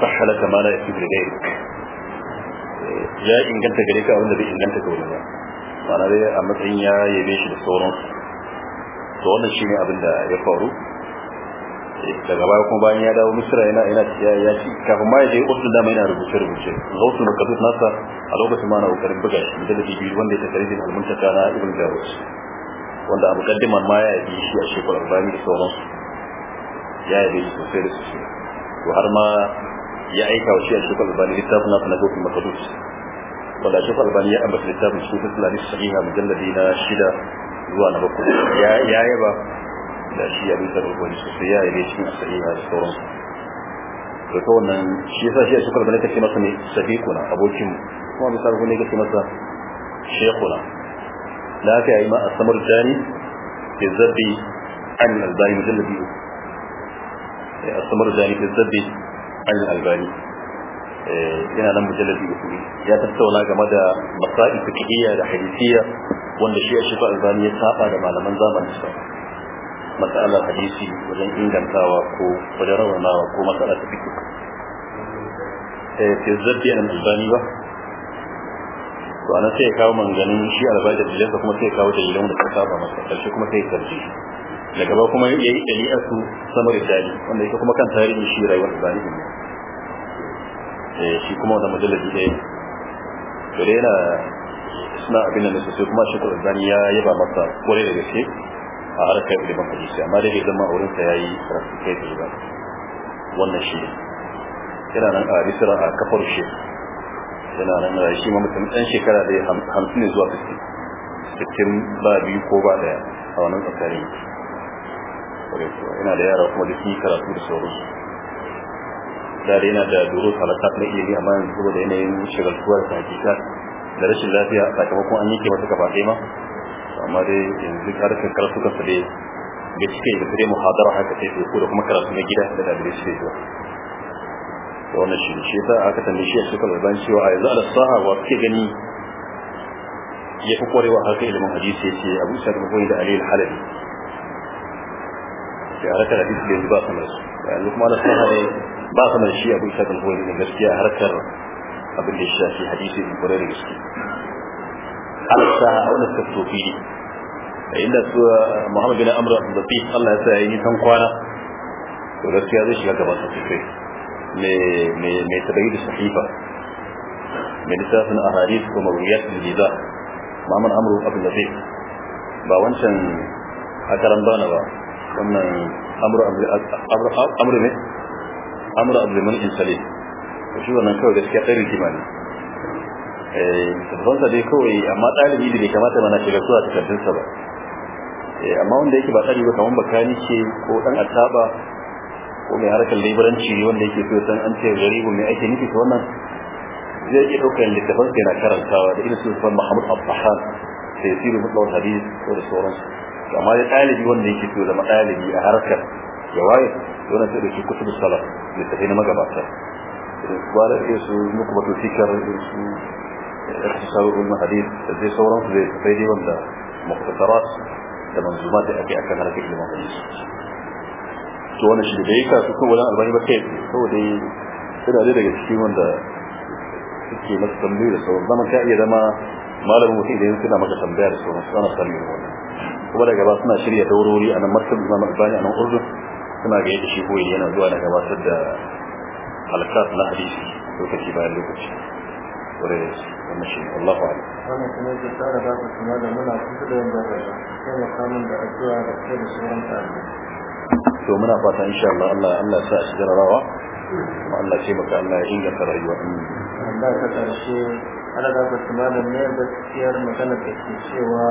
sahala kama la yake da gairi ya inganta gare ka wanda bai inganta ga wani ba ma'ana dai a matsayin ya yabe shi da sauran to wannan shine abin da ya faru eh, daga baya kuma bayan ya dawo misira yana yana ya ci kafin ma ya je uku da mai na rubuce rubuce gausu na kabir nasa a lokacin ma na kokarin buga shi da dabi biyu wanda ya tafi da almuntaka na ibn dawud wanda abu muqaddiman ma ya yi shi a shekarar bani da sauransu ya yabe shi sosai da sosai to har ma ya aika wa shi a shekul albani littafin nasu na gofin makadus wanda shekul albani ya ambata littafin su tattala ne sahiha mujalladi na shida zuwa na bakwai ya yaba da shi ya bisa rubani sosai ya yabe shi a sahiha da sauransu to ta wannan shi yasa shi a shekul albani kake masa ne sabiquna abokin kuma bisa rubani kake masa shekuna da haka yayi ma asamar jani ke zabi an albani mujalladi A samar da fi zabbi al albani eh, yana nan mujalladi uku ya tattauna game da masail fiqhiyya da hadisiya, wanda shi ya shifa albani ya saba da malaman zamanin sa matsalar hadisi wajen ingantawa ko wajen rawanawa ko matsalar ta fiqh eh fi zabbi al albani ba to anan sai ya kawo manganin shi albani da dalilansa kuma sai ya kawo dalilan da ta saba masa karshe kuma sai ya karbi da gaba kuma ya yi ɗabi'ar e su samar da jari wanda yake kuma kan tarihi shi rayuwar da ne eh, shi kuma wanda majalabi ɗaya to da yana suna abin da sosai kuma shi kuma zani ya yaba masa kwarai da gaske a harkar ilimin hadisi amma dai bai zama wurin sa yayi rasu kai da ba wannan shi ne. yana nan a risira a kafar shi yana nan a eh, shi ma mutum ɗan shekara da hamsin zuwa sittin cikin ba biyu ko ba ɗaya a wannan tsakanin kwarai kuwa ina da yara kuma da sun karatu da sauransu da dai yana da duru halakat na ilimi amma yanzu saboda yanayin shagaltuwar ta hakika da rashin lafiya sakamakon an yi mata suka ɗaya ma amma dai yanzu harkar karatukan sa dai da suke da tare muhadara haka sai ko da kuma karatu na gida da da shi zuwa wannan shi shi ta aka tambaye shi suka alban cewa a yanzu ala saha wa kike gani ya fi kwarewa harkar ilimin hadisi ya yace Abu Sa'id bin da Ali al da harkar hadisi da ba kamar su yanzu kuma Allah sana ba kamar shi abu isa kalhuwa da gaskiya harkar abin da shi shi hadisi da kwarai da gaske Allah sa a wani tafofi da inda su Muhammad bin Amr bin Latif Allah ya sa yi san kwana to gaskiya zai shiga gaban sosai me me me tabayyid sahifa me littafin ahadith ko mawriyat da jiza Muhammad Amr bin Latif ba wancan a karan bana ba wannan amru ne amru abdulman insali shi wannan kawai gaskiya ɗan rikima ne sabbansa eh, dai kawai amma ɗalibi da bai kamata mana shiga suwa takardunsa ba eh, amma wanda yake ba ɗalibi kamar bakani ce ko ɗan asaba ko mai harkar laboranci ne wanda yake so san an ce garibu mai ake nufi wannan zai iya ɗaukar littafin sai na karantawa da irin su Muhammad Abbahan sai siru mutlawar hadis ko da sauransu amma da ɗalibi wanda yake so da ɗalibi a harkar jawai don sai da shi kusa da salat da take na magabata gwara da su muku bato fikar su ikhtisarul mahadith da dai sauran su da sai dai wanda mukhtasarat da manzumat da ake akan harkar da hadisi to wannan shi da yake su kuma albani ba kai saboda suna daga cikin wanda suke masa tambayi da sauran zaman ka iya zama malamin mutum idan suna maka tambayar da sauran suna tambayi wannan kuma daga ba suna shirya taurori a nan markabin zama albani a nan urdun suna ga yadda shi koyi yana zuwa daga gabatar da halkat na hadisi lokaci bayan lokaci wurin wannan shi Allahu a'lam ne. kuma da tsara da ku kuma da muna kusa da yanda ba sai mu kamun da addu'a da kai da sauran ɗalibai. To muna fata insha Allah Allah Allah sa shi jarabawa kuma Allah ce maka Allah ya inganta rayuwa. Allah ta ƙarshe ana da ku kuma da ne tsiyar magana da ke cewa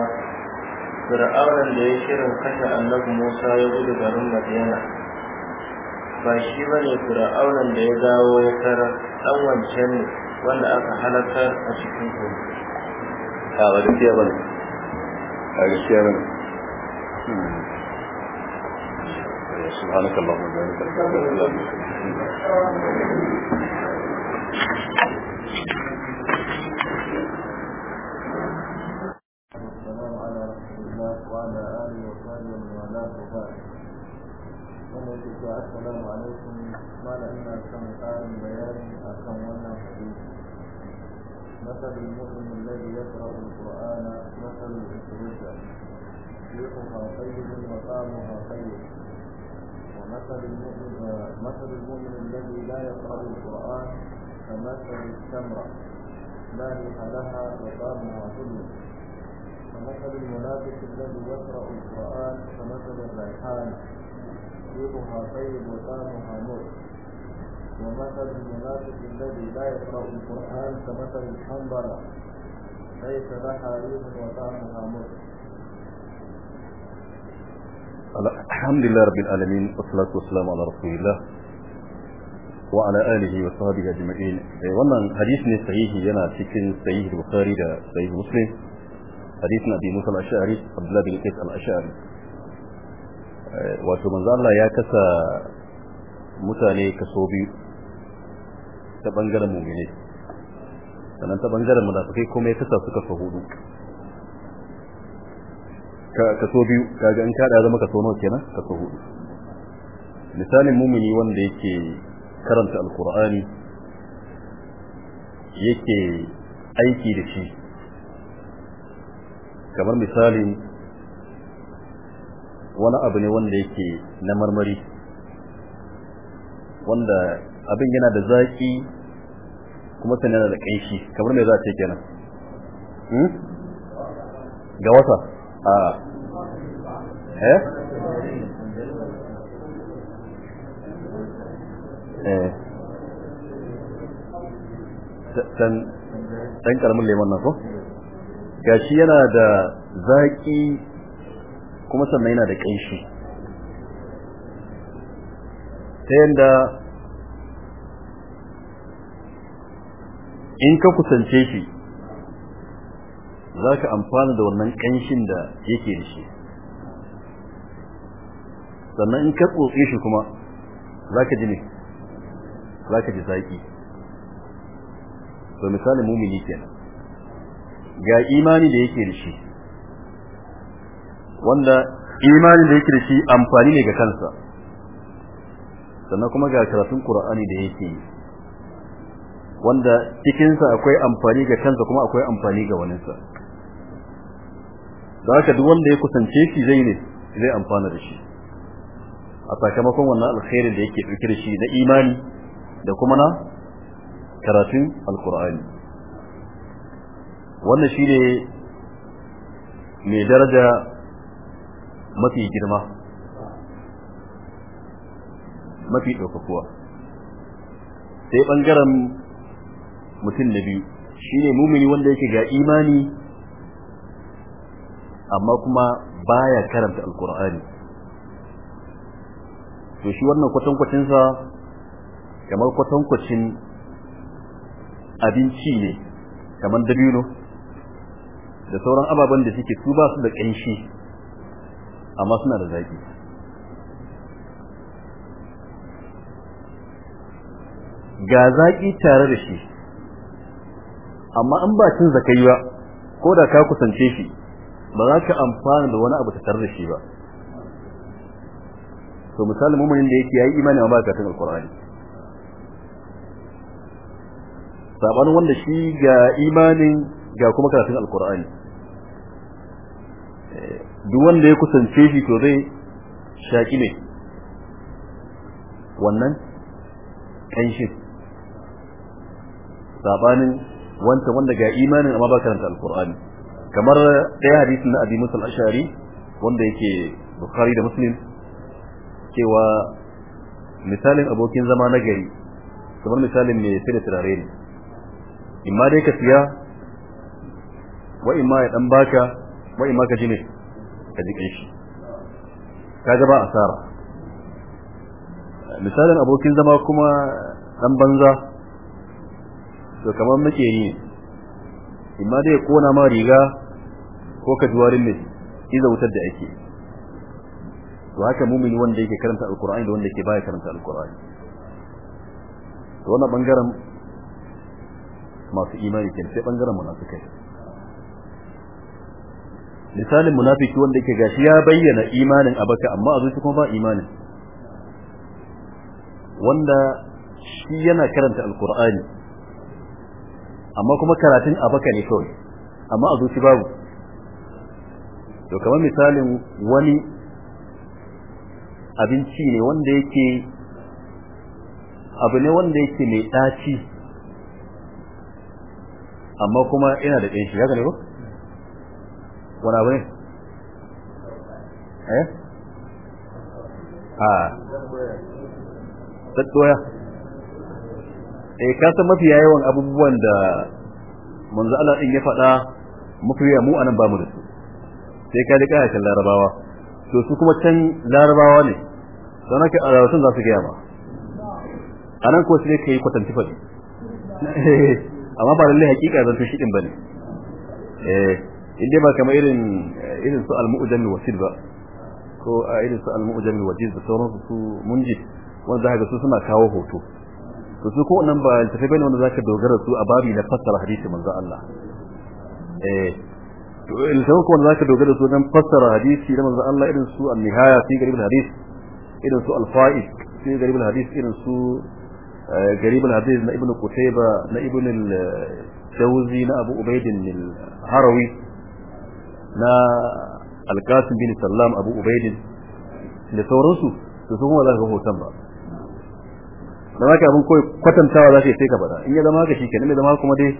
fir'aunan da ya kiran kashe annabi musa ya gudu garin madina ba shi ba ne fir'aunan da ya dawo ya tara ɗan wancan ne wanda aka halaka a cikin kuma a gaskiya ba ne a gaskiya ba ne سبحانك اللهم وبحمدك وعلى آله وصحبه ومن والاه وبعد wannan ke cewa assalamu alaikum malam ina son ƙarin bayani akan wannan hadisi مثل المؤمن الذي يقرأ القرآن مثل الفرجة ريحها طيب وطعمها طيب ومثل المؤمن مثل المؤمن الذي لا يقرأ القرآن كمثل التمرة لا ريح لها وطعمها طيب فمثل المنافق الذي يقرأ القرآن كمثل الريحان ريحها طيب وطعمها مر ومثل المنافق الذي لا يقرأ القرآن كمثل الحنظلة ليس لها ريح وطعمها مر الحمد لله رب العالمين والصلاة والسلام على رسول الله وعلى آله وصحبه أجمعين إيه، ومن حديث ne ينا سكن cikin البخاري Bukhari مسلم Hadisin na bi musa al-ashari abdullah bin qais al-ashari wato manzo Allah ya kasa mutane kaso biyu ta bangaren mu'mini sannan ta bangaren munafikai kuma ya kasa su kaso hudu kaso biyu kaga in kada zama kaso nawa kenan kaso hudu misalin mu'mini wanda yake karanta Al-ƙur'ani alqur'ani yake aiki da shi kamar misali wani abu ne wanda yake na marmari wanda abin yana da zaki kuma sai yana da kanshi kamar me za a ce kenan hmm ga wata a eh eh dan lemon na ko gashi yana da zaki kuma sannan yana da kanshi ta yadda in ka kusance shi za ka amfana da wannan kanshin da yake da shi sannan in ka tsotse shi kuma za ka ji ne za ka ji zaki to misali mumini kenan ga imani da yake da shi wanda imani da yake da shi amfani ne ga kansa sannan kuma ga karatun Qur'ani da yake yi wanda cikinsa akwai amfani ga kansa kuma akwai amfani ga sa da haka duk wanda ya kusance shi zai ne zai amfana da shi a sakamakon wannan alkhairin da yake dauke da shi na imani da kuma na karatun alkur'ani wannan shine mai daraja mafi girma mafi ɗaukakuwa sai ɓangaren mutum na biyu shine mumini wanda yake ga imani amma kuma baya karanta alkur'ani to shi wannan kwatankwacinsa kamar kwatankwacin abinci ne kamar dabino da sauran ababen da suke su ba su da ƙanshi amma suna da zaki ga zaki tare da shi amma in ba cin zakai ba ko da ka kusance shi ba za ka amfana da wani abu tare da shi ba to misali mu'minin da yake yayi imani amma ba ka tun alqur'ani sabanin wanda shi ga imanin ga kuma karatun alqur'ani duk wanda ya kusance shi to zai shaki ne wannan kanshi sabanin wanda wanda ga imanin amma ba karanta alqur'ani kamar ɗaya hadisin na abi musa al-ashari wanda yake bukhari da muslim cewa misalin abokin zama na gari kamar misalin mai sai da turare ne imma dai ka siya wa imma ya dan baka wai ma ka ji ne ka ji shi ga ba asara misalin abokin zama kuma dan banza to kamar muke yi imma dai kona ma riga ko ka duwarin ne iza wutar da ake to haka mumini wanda yake karanta alqur'ani da wanda yake baya karanta alqur'ani to wannan bangaren masu imani ke sai bangaren munafikai misalin munafiki wanda yake gashi ya bayyana imanin a baka amma a zuci kuma ba imanin wanda shi yana karanta alkur'ani amma kuma karatun a baka ne kawai amma a zuci babu to kamar misalin wani abinci ne wanda yake abu ne wanda yake mai ɗaci amma kuma yana da ɗanshi ya gane ba wani abu ne eh ah. a eh, yawan abubuwan da manzo Allah din ya faɗa muku ya mu anan ba mu da su sai ka rika yakin larabawa to su kuma can larabawa ne don haka a rawatun za su gaya ba a nan ko sai ka yi kwatanci ne amma ba lallai hakika zan to shi din bane eh inda ba kamar irin irin su al-mu'jam wasil ba ko irin su al-mu'jam wajiz da sauran su munjid wanda zaka su suna kawo hoto to su ko nan ba tafi bane wanda zaka dogara su a babi na fassara hadisi manzo Allah eh to in sai ko wanda zaka dogara su dan fassara hadisi da manzo Allah irin su al-nihaya fi garib al-hadis irin su al-faid fi garib al-hadis irin su garib al-hadis na ibnu qutayba na ibnu al-jawzi na abu ubayd al-harawi na alkasim bin sallam abu ubaidin da sauransu to su kuma za ka hoton ba da za ka abin kawai kwatantawa za ka yi sai ka faɗa in ya zama haka shi kenan mai zama kuma dai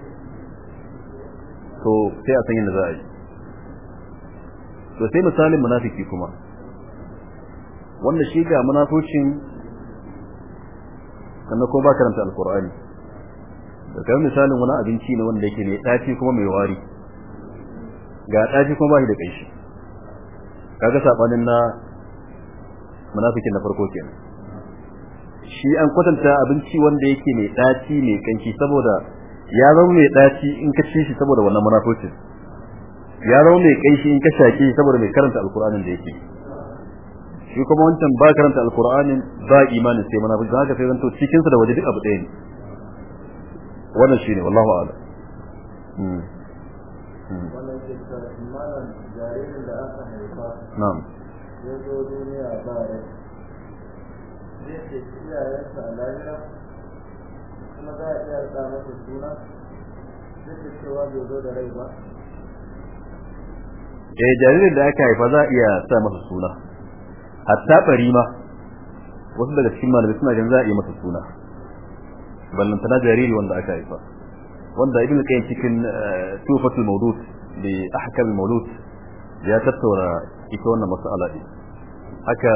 to sai a san yadda za a yi to sai misalin munafiki kuma wanda shi ga munafocin sannan kuma ba karanta alkur'ani da kamar misalin wani abinci ne wanda yake mai ɗaci kuma mai wari ga daji kuma bai da kaishi kaga sabanin na munafikin na farko kenan shi an kwatanta abinci wanda yake mai daci mai kanki saboda ya zama mai daci in ka ci shi saboda wannan munafikin ya zama mai kaishi in ka shaki saboda mai karanta alqur'anin da yake shi kuma wancan ba karanta alqur'anin ba imanin sai munafiki haka sai zanto cikin sa da waje duk abu ɗaya ne wannan shine wallahu a'lam hmm. Hmm. jaririn da aka haifa na'am ya zo duniya ba rai zai ce iyayensa a lahira kuma za a iya rika masa suna zai ce cewa bai zo da rai ba eh jaririn da aka haifa za a iya sa masa suna hatta bari ma wasu daga cikin malamai suna ganin za a iya masa suna ballantana jariri wanda aka haifa wanda ibn qayyim cikin tufatul mawdud بأحكام المولود ya tattauna ita wannan mas'ala din haka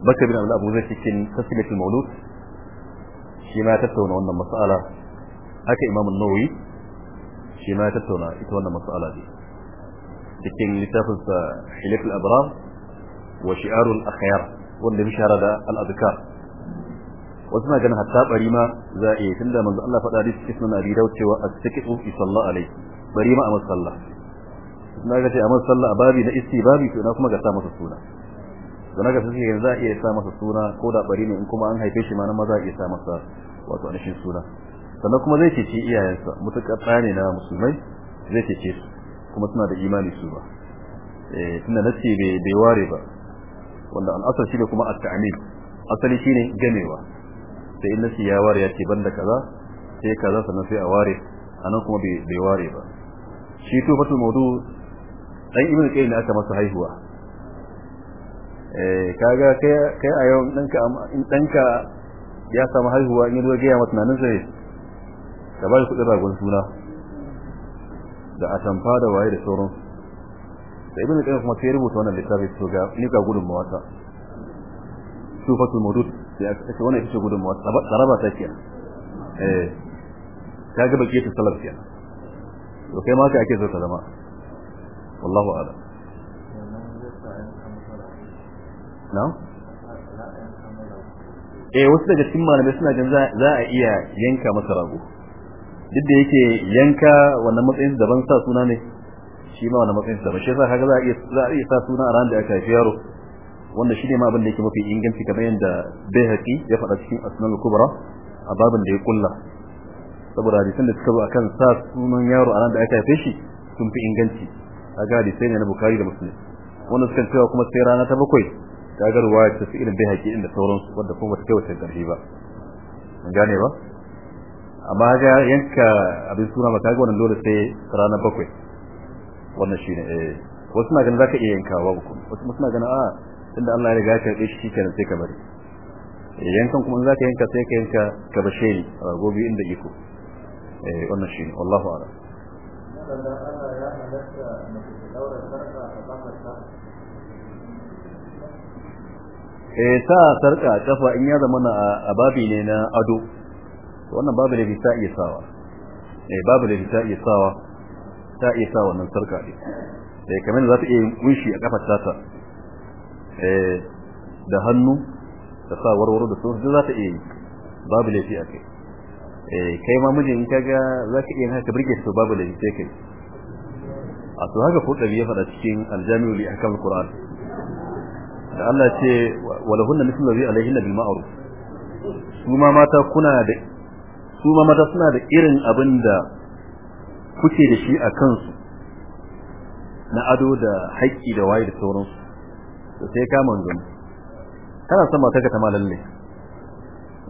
baka bin abu zai cikin tasmiyatul maulud shi ma tattauna wannan mas'ala haka imam an-nawawi shi ma tattauna ita wannan mas'ala din cikin littafin sa hilaf al-abrar wa shi'ar al-akhyar wanda bi shara da al-adkar wasu na ganin hatta bari ma za a iya tunda manzo Allah faɗa da cikin sunan Abi Dawud cewa as-sikitu fi sallallahu alaihi bari ma a masallah na ce a masa sallah babi na istibabi to ina kuma ga sa masa suna to naga sai yanzu za a iya sa masa suna ko da bari ne in kuma an haife shi ma na maza iya sa masa wato anashin suna sannan kuma zai cece iyayensa mutukar tsane na musulmai zai cece su kuma suna da imani su ba eh tunda ce bai bai ware ba wanda al'asar shi ne kuma at-ta'mil asali shine gamewa sai in nasi ya ware ya ce banda kaza sai kaza sannan sai a ware anan kuma bai ware ba shi to fatul mawdu dan ibnu qayyim aka masa haihuwa eh kaga kai kai a yau danka in danka ya samu haihuwa in ruwa ga ya nan sai ka bai kudin ragon suna da atamfa da waye da sauran da ibnu kayyim kuma sai rubuta wannan littafin to ga ni ga gudun mawata sufatul murud sai aka wani wannan ita gudun mawata saraba ta kiya eh kaga baki ta salaf to kai ma ka ake zo ta zama wallahu a'lam na'am eh wasu daga cikin malamai suna ganin za a iya yanka masa rago duk da yake yanka wannan matsayin daban sa suna ne shi ma wannan matsayin daban shi yasa kaga za a iya za a iya sa suna a ran da aka haifi yaro wanda shi ne ma abin da yake mafi inganci kamar yadda Baihaqi ya faɗa cikin Asnan al-Kubra a babin da ya kulla saboda hadisan da suka zo akan sa sunan yaro a ran da aka haife shi sun fi inganci kaga sai ne na bukari da Muslim wannan sukan cewa kuma sai rana ta bakwai kaga ruwaya ta su irin bai haƙi inda su wanda kuma ta kai wata garhi ba an gane ba amma ga yanka abin suna maka ga wannan dole sai rana bakwai wannan shine eh wasu na ganin zaka iya yanka ba kuma wasu suna ganin a ah, tunda Allah ya riga ya karbe shi kenan sai ka bari eh, yankan kuma zaka yanka sai ka yanka ka bashe ni gobe inda iko eh wannan shine wallahu a'lam Allah ya halatta mace ta daura sarka a kafarta eh sa sarka a kafa in ya zama na a babi ne na ado wannan babu da bisa iya sawa eh babu da bisa iya sawa ta iya sawa wannan sarka ne eh kamar za ta iya yin kunshi a kafar tata eh da hannu da sa warwaro da su, za ta iya yi babu laifi a kai Eh, kai ma mijin kaga za ka iya haka birge su babu da yake kai a to haka ko dabi ya faɗa cikin aljami li ahkam alquran da Allah ce walahunna mislu bi alladhi alayhinna bil ma'ruf su ma mata kuna da su ma mata suna da irin abin da kuke da shi a kansu na ado da haƙƙi da waye da su to sai ka manzo kana son mata ka ta malalle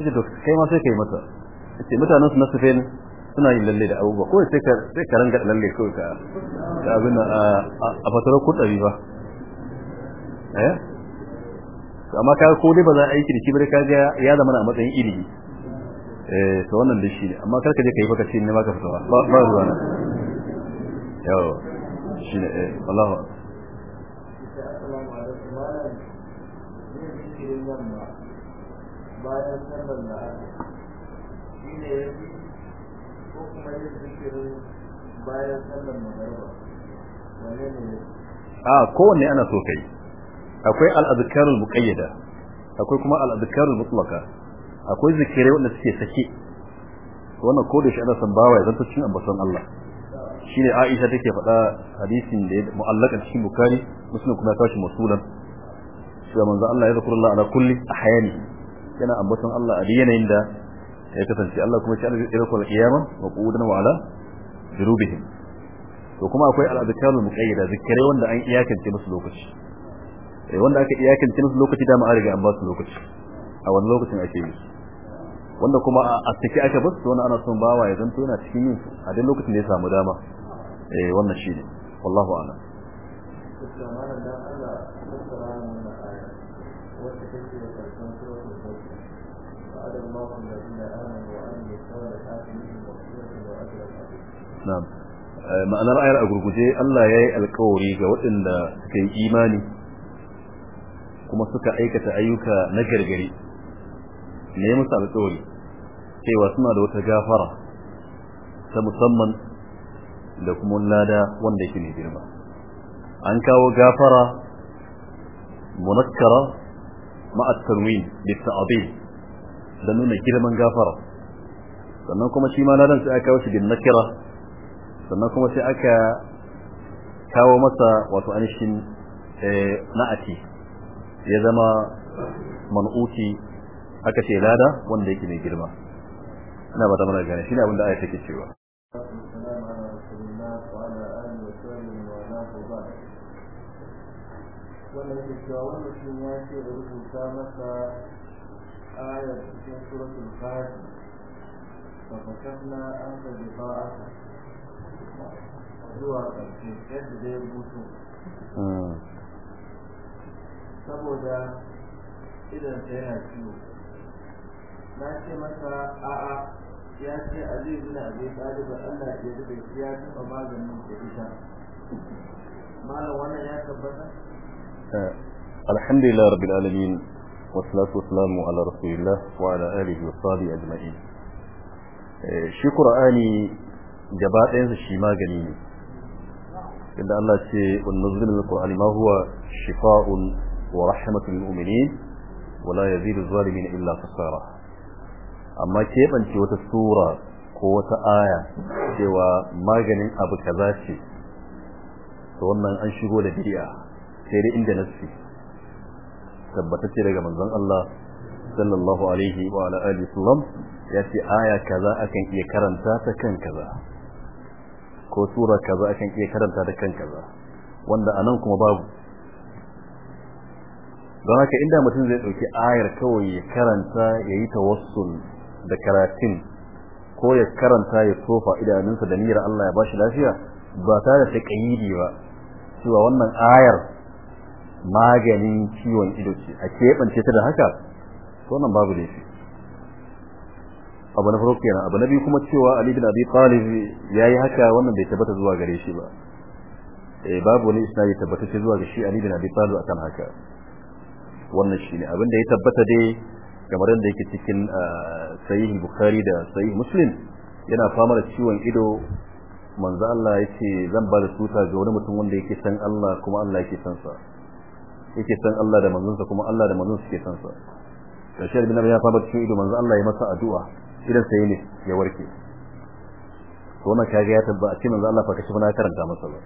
ita to kai ma sai kai mata ce mutanen su na Spain suna yin lalle da abubuwa ko sai ka sai ka ranga lalle ko ka ka abin a fatarar dari ba eh amma ka ko dai ba za a yi da ba ka ga ya zama a matsayin ilimi eh to wannan da shi ne amma karka je kai baka ce ne ka fitowa ba ba ruwa na yau shi ne eh ba bayan san da ba. ne ya fi ko kuma yin zikirin bayan sallar magariba ne a kowanne ana so kai akwai al'azkarul muqayyada akwai kuma al'azkarul mutlaka akwai zikirai wanda suke sake wannan ko da shi ana san bawa ya zanta cikin ambaton Allah shine Aisha take faɗa hadisin da ya mu'allakan cikin Bukhari musulun kuma ya tashi musulan cewa manzo Allah ya zikrullah ala kulli ahyani yana ambaton Allah a yanayin da ya kasance Allah kuma ya alƙi ilkul qiyama wa qudan wa ala jurubihim to kuma akwai al-adkarul muqayyada zikrai wanda an iyakance musu lokaci eh wanda aka iyakance musu lokaci da ma ga an lokaci a wannan lokacin ake yi wanda kuma a tsaki aka bus to ana son bawa ya zanto yana cikin yin a duk lokacin da ya samu dama eh wannan shine wallahu a'lam Allah نعم. ma'anar ayar راي gurguje Allah ya yi alkawari ga wadanda suka yi imani kuma suka aikata ayyuka na gargari ne musu alkawari cewa suna da wata gafara ta musamman da kuma lada wanda yake ne girma an kawo gafara munakkara ma'a tarwin bi ta'dil da nuna girman gafara sannan kuma shi ma ladan sai aka kawo shi bin nakira sannan kuma sai aka kawo masa wato anishin eh, na'ati ya zama man'uti aka ce lada wanda yake mai girma ina ba ta mana gane shi ne abin da aya take cewa wannan kyakkyawan mutum ya ce rubuta masa آية في سورة الكافر فكشفنا أنت saboda idan yana ciwo na ce masa a'a ya ce azizu na Allah ya rube ya taɓa maganin da ita malam wannan ya tabbata alhamdulillah rabbil والصلاة والسلام على رسول الله وعلى آله وصحبه أجمعين shi Qur'ani gaba ɗayansa shi magani ne inda Allah ce wani nuzul min Qur'ani ma huwa shifaa'un wa rahmatun lil mu'minin wa la yazidu zalimin illa khasara amma keɓance wata sura ko wata aya cewa maganin abu kaza ce to wannan an shigo da bid'a sai dai inda nassi ce daga manzon Allah sallallahu alaihi wa ala alihi wasallam ya ce aya kaza akan iya karanta ta kan kaza ko sura kaza akan iya karanta ta kan kaza wanda anan kuma babu don haka inda mutum zai dauki ayar kawai ya karanta yayi tawassul da karatin ko ya karanta ya tofa idanunsa da niyyar Allah ya bashi lafiya ba tare da taƙayyidi ba cewa wannan ayar maganin ciwon ido ce a keɓance ta da haka to nan babu shi abu na farko yana abu na biyu kuma cewa Ali bin Abi Talib yayi haka wannan bai tabbata zuwa gare shi ba eh babu wani isnadi tabbata zuwa ga shi Ali bin Abi Talib akan haka wannan shi ne abin da ya tabbata dai kamar yadda yake cikin ah, sahih Bukhari da sahih Muslim yana fama da ciwon ido manzo Allah yace zan ba da tuta ga wani mutum wanda yake san Allah kuma Allah yake san sa yake san Allah da manzonsa kuma Allah da manzonsa suke san sa shi da nabi ya fara cikin ido manzo Allah ya masa addu'a idan sai ne ya warke to wannan kage ya tabba a cikin manzo Allah fa kashi na karanta masa ba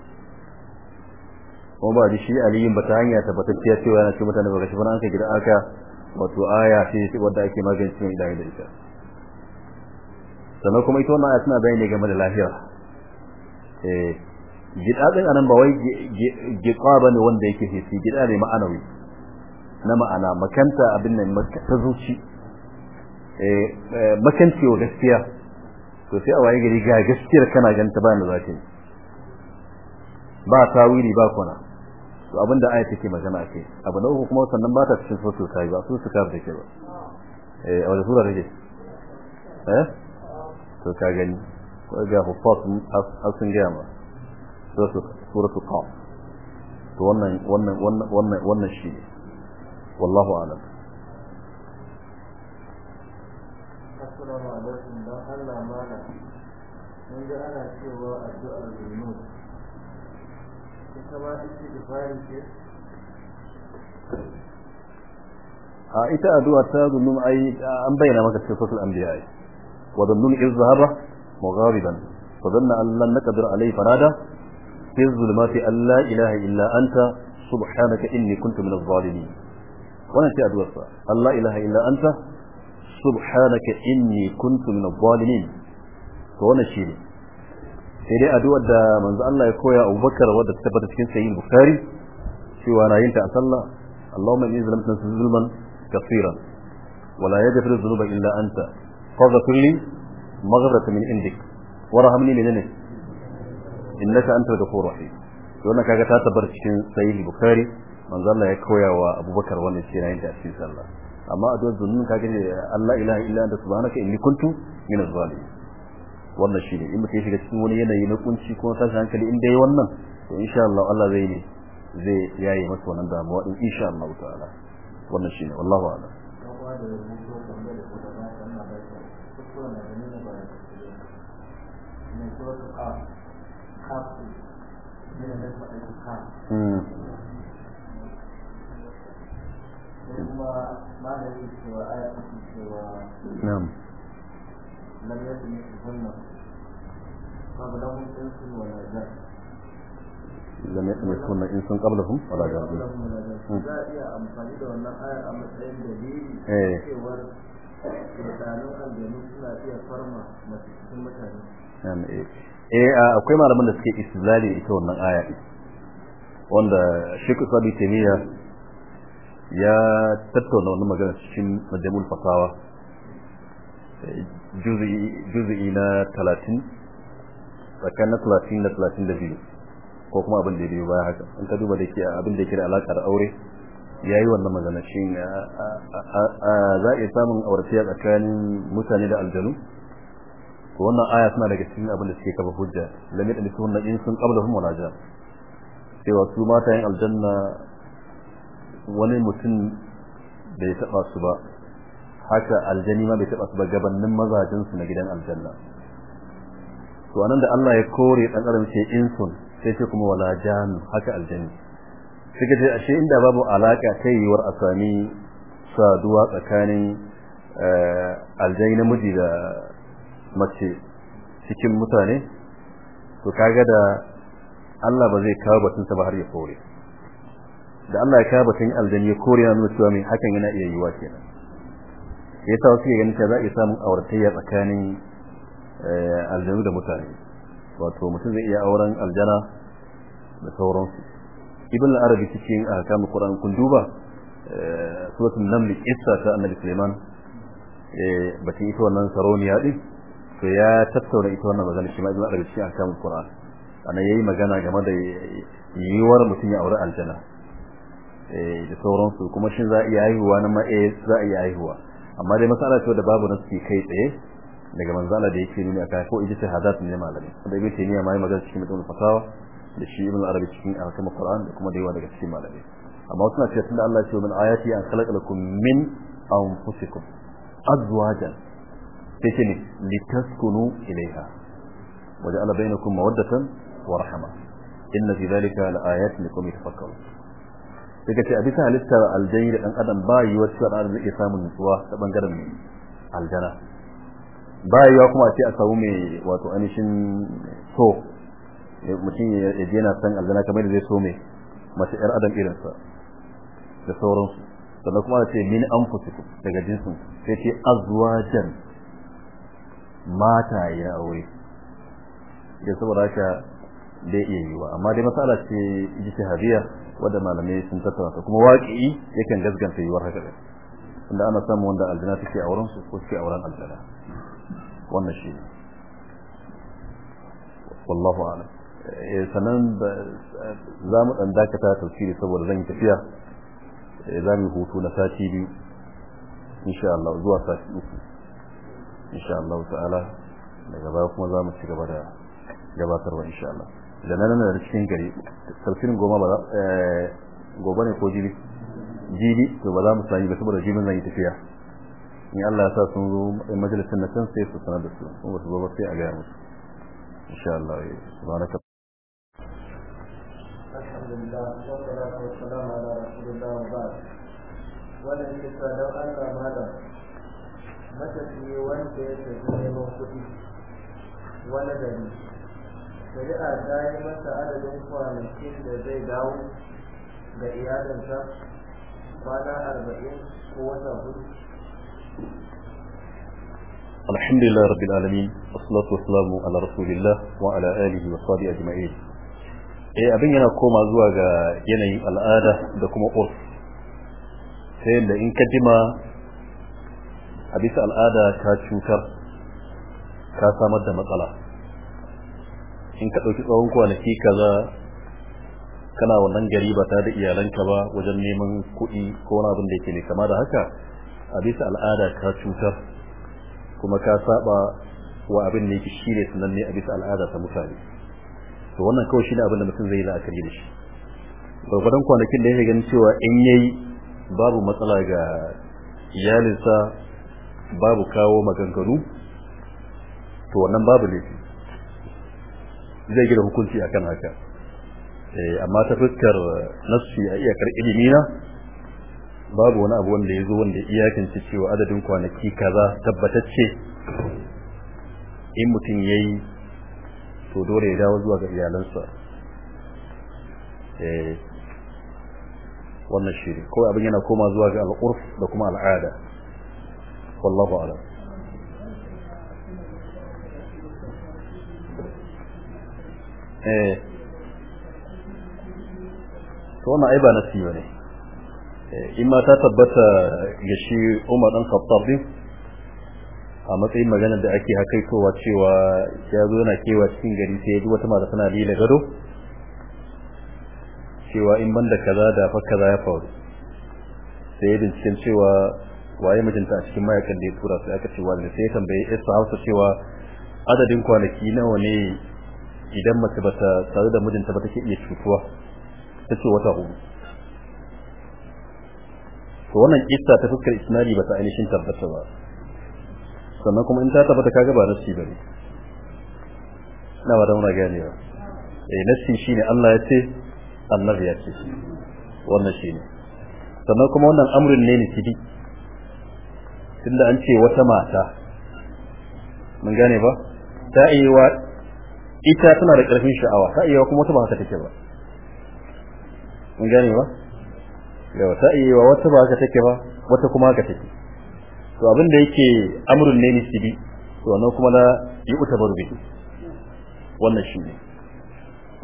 kuma ba shi Ali ba ta hanya tabbatacciya cewa yana cikin mutane ba kashi bana aka gida aka wato aya ce wanda ake magance ida da ita sannan kuma ita wannan aya tana bayani game da lafiya eh gida din anan ba wai gida bane wanda yake hissi gida ne ma'anawi na ma'ana makanta abin nan ta zuci eh, eh wa gaskiya to sai a waye gari ga gaskiyar kana ganta ba ni zaka ba tawili ba kona to abinda ayi take magana ake abu na uku kuma sannan ba ta cikin soso ta ba su suka da ke ba eh a wani sura take eh to ka gani ko ga hukumar asun gama سوره سوره القاف وانا وانا وانا وانا الشيء والله اعلم السلام عليكم لا الله وبركاته من جعلنا سوى الدعاء للنور كما تجد فارسة ها إتا أدوى الثاغ النوم أي أنبينا آه، مكة الأنبياء وظنون إذ ذهب مغاربا فظن أن لن نقدر عليه فنادى في الظلمات أن لا إله إلا أنت سبحانك إني كنت من الظالمين وانا شيء أدوسة أن لا إله إلا أنت سبحانك إني كنت من الظالمين وانا شيء sai dai addu'ar da manzo Allah ya koya Abu Bakar wadda ta tabbata cikin sahih Bukhari cewa na yin ta a sallah Allahumma inni zalamtu nafsi zulman kaseeran wa la yaghfiru dhunuba illa anta faghfir innaka anta da rahim to wannan kaga ta tabbar cikin sahih bukhari manzo Allah ya koya wa abubakar wannan shi yayin da cikin sallah amma a dole zunun kaga ne Allah ilaha illa anta subhanaka inni kuntu min az-zalimin wannan shi ne in mutum shiga cikin wani yanayi na kunci ko tashin hankali in dai wannan to insha Allah Allah zai ne zai yayi masa wannan damuwa din insha Allah ta'ala wannan shi ne wallahu a'lam Thank you. نعم لم يكن مثلهن قبلهم انس ولا in لم يكن مثلهن انس قبلهم ولا جن لا يا امثالي ده wannan ayar a matsayin dalili cewa mutanen aljanu suna iya farma mace cikin mutane eh akwai malaman da suke istizali ita wannan aya wanda Sheikh Sabi Tamiya ya tattauna wannan magana cikin Majmu'ul Fatawa eh, juz'i juz'i na 30 na 30 da 32 ko kuma abin da yake baya haka in ka duba da abin da yake da alaka da aure yayi wannan magana shin za a iya samun auratiya tsakanin mutane da aljanu to wannan aya suna daga cikin abin da suke kafa hujja lam sun qabla hum wala jan cewa su mata yin aljanna wani mutum bai taba su ba haka aljani ma bai taba su ba gabanin mazajin su na gidan aljanna to anan da Allah ya kore dan adam ce sun sai ce kuma wala jan haka aljani suka ce ashe inda babu alaka kai yiwar asami saduwa tsakanin eh, aljani namiji da mace cikin mutane to kaga da Allah ba zai kawo batun sa ba har ya kore da Allah ya kawo batun aljani ya kore na nuna mai hakan yana iya yiwa kenan yasa wasu ke ganin za a samu samun auratayya tsakanin eh, aljanu da mutane wato mutum zai iya auren aljana da sauransu ibn arabi cikin ahkamul qur'an kun duba eh, suratul naml isa ta annabi suleiman eh, batun ita wannan sarauniya din to ya tattauna ita wannan magana shi ma daga cikin ahkamul qur'an ana yayi magana game da yiwuwar mutum ya aure aljanna eh da sauransu kuma shin za a iya haihuwa na ma eh za a iya haihuwa amma dai masala ce da babu nasu kai tsaye daga manzala da yake nuna ka ko ijita hadat ne malami da ibn taymiya mai magana cikin mutum fasawa da shi ibn arabi cikin ahkamul qur'an da kuma da yawa daga cikin malami amma suna cewa tunda Allah ya ce min ayati an khalaqalakum min anfusikum azwajan sai ce litaskunu ilaiha waje ala bainakum mawaddatan wa rahama inna fi dhalika laayatin liqawmin yatafakkarun daga ce a bisa halittar aljani da dan adam ba yiwa cewa dan zai samu nutsuwa ta bangaren aljana ba kuma a ce a samu mai wato anishin so mutum ya je yana san aljana kamar da zai so mai mace yar adam irinsa da sauransu sannan kuma a ce min anfusikum daga jinsin sai ce azwajan mata ya aure da saboda haka bai iya yiwa amma dai matsala ce jiki ijtihadiyya wanda malamai sun tattauna ta kuma waqi'i yakan gaskanta yiwar haka da inda ana samu wanda aljanna take auren su ko take auren aljanna wannan shi wallahu a'lam eh, sanan za mu dan dakata tafsiri saboda zan yi tafiya eh, za mu hutu na sati biyu insha Allah zuwa sati uku insha Allah ta'ala daga baya kuma za mu ci gaba da gabatarwa insha Allah da nan nan da cikin gari sarkin goma ba eh, goma ne ko jibi jibi to ba za mu sani ba saboda jibin zai yi tafiya in Allah ya sa sun zo majalisin na can sai su sanar da su kuma su zo sai a ga musu insha Allah eh, subhanaka alhamdulillah wa salatu wa salam ala rasulillah wa ba'd wannan kisa dan Allah malam matafiye wanda ya tafi neman kuɗi wani gari shari'a ta yi masa adadin kwanakin da zai dawo ga iyalinsa kwana arba'in ko wata hudu الحمد لله رب العالمين والصلاة والسلام على رسول الله وعلى آله وصحبه أجمعين eh abin yana koma zuwa ga الآلة al'ada da سيئن لإن sai a bisa al'ada ka cutar ka samar da matsala in ka ɗauki tsawon kwanaki kaza kana wannan gari ba ta da iyalanka ba wajen neman kuɗi ko wani abin da yake ne kama da haka a al'ada ka cutar kuma ka saba wa abin da yake shi ne sananne a bisa al'ada ta mutane to wannan kawai shi ne abin da mutum zai yi la'akari da shi gwargwadon kwanakin da ya ganin cewa in yayi babu matsala ga iyalinsa babu kawo maganganu to wannan babu ne zai gida hukunci a kan haka eh, amma ta fuskar nassi a iyakar ilimi na babu wani abu wanda ya zo wanda iyakance cewa adadin kwanaki kaza tabbatacce in mutum ya yi to dole ya dawo zuwa ga iyalansa eh, wannan shi kawai abin yana koma zuwa ga al'urf da kuma al'ada wallahu a'lam eh to wannan ai ba ne. bane in ma ta tabbata ga shi Umar ɗan Khattab din a matsayin magana da ake kowa cewa ya zo yana kewa cikin gari sai duk wata mata tana lila gado cewa in banda kaza da fa kaza ya faru sai binciken cewa waye mijinta a cikin mayakan da ya tura sai aka ce wani sai tambaye isa hausa cewa adadin kwanaki nawa ne idan mace bata tare da mijinta ba take iya cutuwa ta ce wata hudu to wannan kissa ta fuskar ba ta ainihin tabbata ba sannan kuma in ta tabbata kaga ba nasi bane na ba da muna ba. eh nasi shine Allah ya ce annabi ya ce wannan shine sannan kuma wannan amrin ne ne tibi tunda an ce wata mata mun gane ba ta wa ita tana da ƙarfin sha'awa ta wa kuma wata ba haka take ba mun gane ba yau ta wa wata ba haka take ba wata kuma haka take to abin da yake amrun ne ni sibi to wannan kuma na yi uta bihi wannan shi ne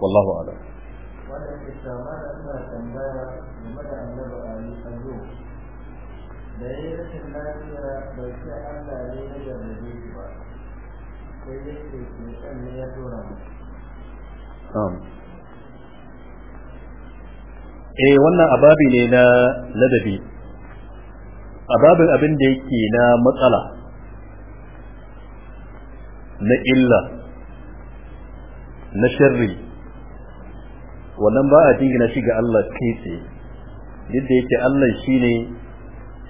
wallahu a'lam wannan ita ma da tambaya game da annabi da ya yi rashin lafiya bai ce Allah ne ya yarda shi ba sai dai ke ne ya tura mu eh wannan ababi ne na ladabi ababin abin da yake na matsala na illa na sharri wannan ba a jingina shi ga Allah kai tsaye duk da yake Allah shine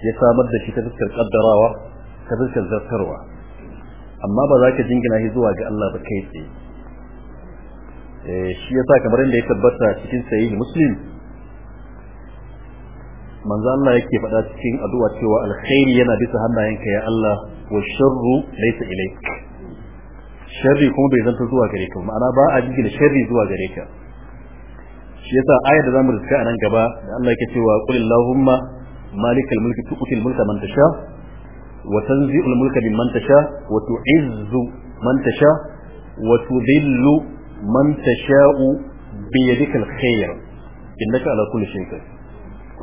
ya samar da shi ta fuskar kaddarawa ta fuskar zartarwa amma ba za ka jingina shi zuwa ga Allah ba kai tsaye eh, shi yasa kamar yadda ya tabbata cikin sahih muslim manzo Allah yake faɗa cikin addu'a cewa alkhairi yana bisa hannayenka ya Allah wa sharru laysa ilayk sharri kuma bai zanta zuwa gare ka ma'ana ba a jingina sharri zuwa gare ka shi yasa ayar da zamu rubuta a nan gaba da Allah yake cewa qul allahumma مالك الملك تؤتي الملك من تشاء وتنزع الملك ممن تشاء وتعز من تشاء وتذل من تشاء بيدك الخير إنك على كل شيء قدير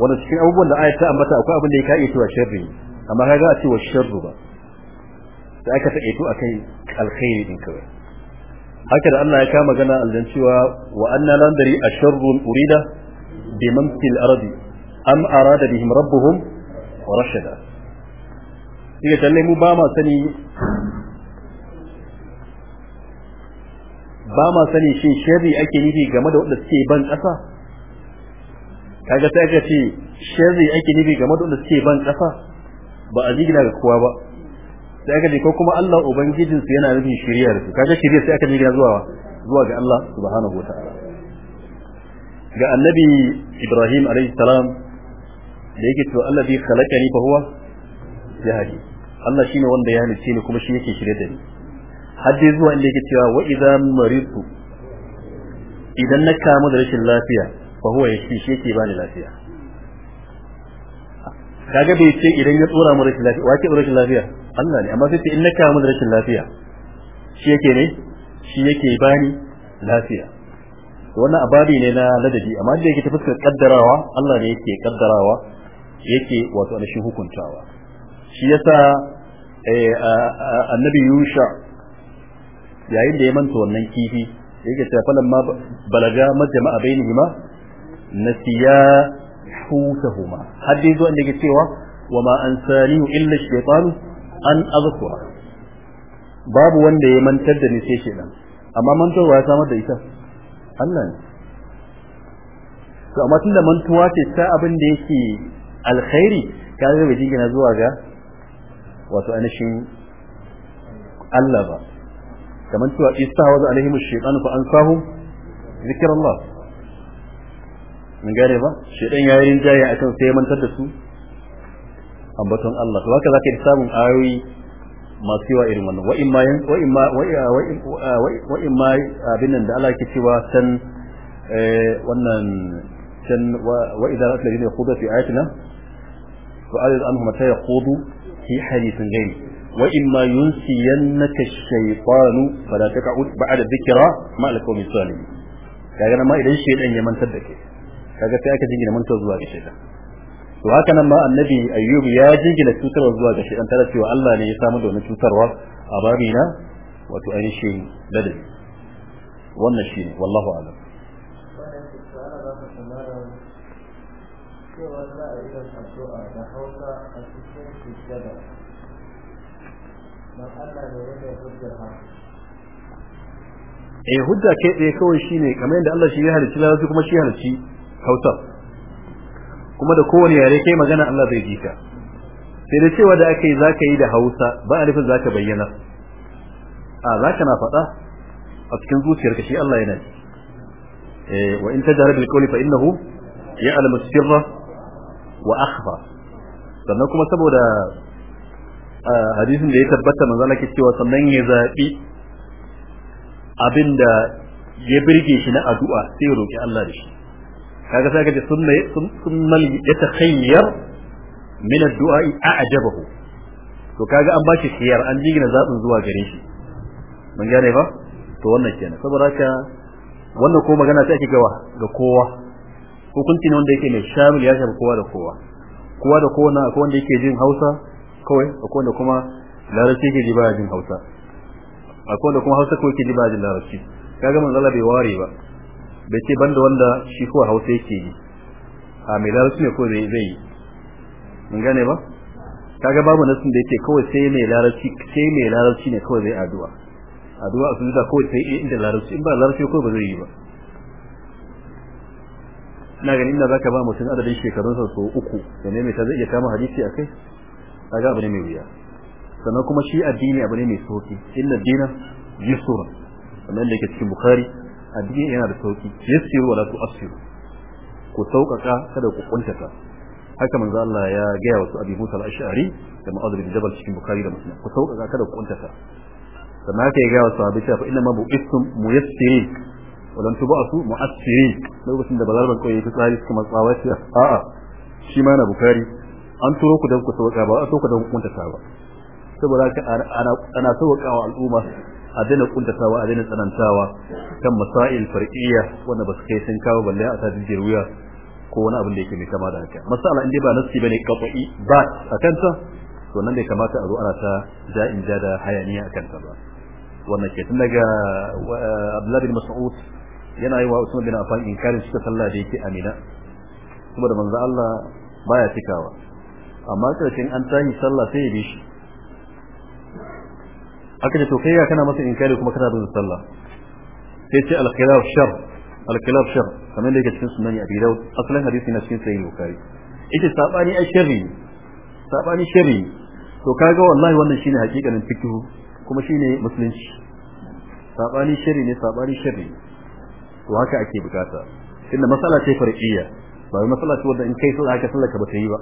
wanda cikin abubuwan da ayat ta ambata akwai abin da ya kai cewa sharri amma kaga a cewa sharru ba da aka ta kaito akai alkhairi din kawai haka da Allah ya kama gana aljan cewa wa anna landari asharrun urida biman fil ardi am arada bihim rabbuhum rashada yake talle mu ba ma sani ba ma sani shi sharri ake nufi game da wanda suke ban ƙasa kaga sai ka ce sharri ake nufi game da wanda suke ban ƙasa ba a jigina ga kowa ba sai ka ce ko kuma Allah ubangijin su yana nufin shari'a da su kaga shari'a sai aka jigina zuwa zuwa ga Allah subhanahu wataala ga annabi Ibrahim alaihi salam da yake to Allah zai halaka ni fa huwa yahdi Allah shine wanda ya halice ni kuma shi yake shirye da ni har dai zuwa inda yake cewa wa idza maritu idan na kamu da rashin lafiya fa huwa yashfi shi yake bani lafiya kaga bai ce idan ya tsora mu rashin lafiya wace rashin lafiya Allah ne amma sai ce in na kamu da rashin lafiya shi yake ne shi yake bani lafiya wannan ababi ne na ladabi amma da yake ta fuskar kaddarawa Allah ne yake kaddarawa yake wato alashin hukuntawa shi yasa eh, annabi yusha yayin da ya manta wannan kifi yake cewa falan ma balaga majma'a bainihima nasiya hutahuma har dai zo yake cewa wa ma ansanihu illa shaytan an azkura babu wanda ya mantar da ni sai shaytan amma mantowa ya samar da ita Allah ne to amma tunda mantuwa ce ta abin da yake alkhairi kaga bai jingina zuwa ga wato anashin Allah ba kamar cewa isa wa ash-shaytan fa ansahu zikrullah mun gane ba shaytan yayin rinjaye akan sai mantar da su ambaton Allah to haka zaka samun ayoyi masu yawa irin wannan wa imma wa imma wa imma abin nan da Allah yake cewa san eh, wannan san wa aka yi ne yaqudu fi ayatina فأعرض عنهم متى يخوض في حديث غيره وإما ينسينك الشيطان فلا تقعد بعد الذكرى مع القوم الظالمين kaga ma idan shaytan ya mantar da kai kaga sai aka jingina zuwa ga shaytan to haka nan ma annabi ayyub ya jingina cutarwa zuwa ga shaytan tare cewa Allah ne ya samu domin cutarwa a babina wato ladabi wannan jabal dan Allah ne yake hujjar eh hujja kawai shine kamar yadda Allah shi ya halicci larabci kuma shi halicci Hausa kuma da kowane yare kai magana Allah zai ji ka sai da cewa da aka yi zaka yi da Hausa ba a nufin zaka bayyana a zaka na faɗa a cikin ka shi Allah yana ji eh wa in tajhar bil qawli fa innahu ya'lamu sirra wa akhfa sannan kuma saboda hadisin da ya tabbata manzo Allah ke cewa sannan ya zabi abinda ya birge shi na addu'a sai ya roki Allah da shi kaga sai kaje sunna sunna ya takhayyar min addu'a a'jabahu to kaga an shi khiyar an jigina zabin zuwa gare shi mun gane ba to wannan kenan saboda haka wannan ko magana sai ake gawa ga kowa hukunci ne wanda yake mai shamil ya shafi kowa da kowa kowa da kowa na akwai wanda yake jin Hausa kawai akwai wanda kuma larabci ke ji ba jin hausa akwai wanda kuma hausa kawai ke ji ba jin larabci kaga manzo Allah bai ware ba bai ce banda wanda shi kuwa hausa yake yi, a mai larabci ne ko zai zai mun gane ba kaga babu nasin da yake kawai sai mai larabci sai mai larabci ne kawai zai addu'a addu'a a sujuda kawai sai inda larabci in ba larabci ko ba zai yi ba na ganin da zaka ba mutum adadin shekarunsa so uku da ne mai ta zai iya kama hadisi akai kaga abu ne mai wuya sannan kuma shi addini abu ne mai sauki inna dina yusura kamar da yake cikin bukhari addini yana da sauki yassiru wala tu'assiru ku sauƙaƙa kada ku kuntata haka manzo Allah ya gaya wa su Abi Musa al-Ash'ari da Mu'adh Jabal cikin Bukhari da Muslim ku sauƙaƙa kada ku kuntata sannan haka ya gaya wa sahabbai cewa fa inna ma bu'istum muyassirin wa lam tub'asu mu'assirin lokacin da balarban koyi ta tsari kuma tsawaci a'a shi ma na Bukhari an turo ku dan ku sauka ba an turo don dan ku kuntata ba saboda haka ana ana wa al'umma a daina kuntatawa a daina tsanantawa kan masail far'iyya wanda ba su kai sun kawo balle a tajin wuya ko wani abin da yake mai kama da haka masala in dai ba nasi bane qat'i ba a kanta to nan bai kamata a zo ana ta ja'in ja da hayaniya a kanta ba wannan ke tun daga Abdullahi bin Mas'ud yana yi wa Usman bin Affan inkarin suka sallah da yake Amina saboda manzo Allah baya cikawa amma karshen an tahi sallah sai ya bi shi aka ce to kai ya kana masa inkari kuma kana bin sallah sai ce al-khilaf shar al-khilaf shar kamar da yake cikin sunan Abi Dawud asalin hadisi na cikin sahih Bukhari ita sabani ai sharri sabani sharri to kaga wallahi wannan shine hakikanin fiqh kuma shine musulunci sabani sharri ne sabani sharri to haka ake bukata inda masala ce far'iyya ba masala ce wanda in kai sallah ka sallaka ba ta yi ba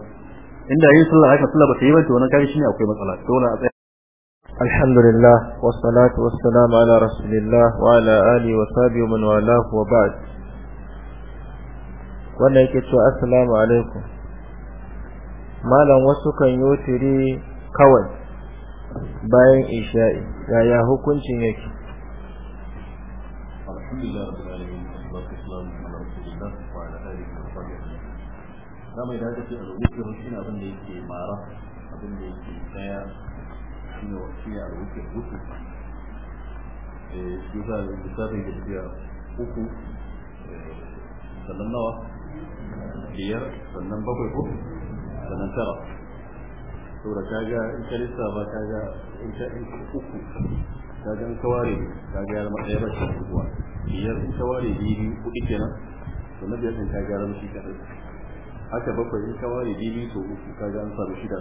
inda yin sallah haka sallah ba ta yi ba to wannan kare shine akwai matsala dole a tsaya alhamdulillah wassalatu wassalamu ala rasulillah wa ala alihi wa sahbihi man walahu wa ba'd wannan yake cewa assalamu alaikum malam wasu kan yotiri kawai bayan isha'i yaya hukuncin yake alhamdulillah rabbil alamin za mai yi ce a alwukir shi ne abin da yake mara abin da yake tsaya shi ne wasu ya alwukir uku shi za a lissafi da tafiya uku eh, sannan nawa biyar sannan bakwai ko sannan tara saboda kaga in ka lissafa kaga in ka uku kaga in ka ware kaga ya zama ɗaya rashin kuwa biyar in ka ware biyu kuɗi kenan sannan biyar ɗin kaga ya zama shi kaɗai haka bakwai in ka ware bibi so uku kaga an samu shida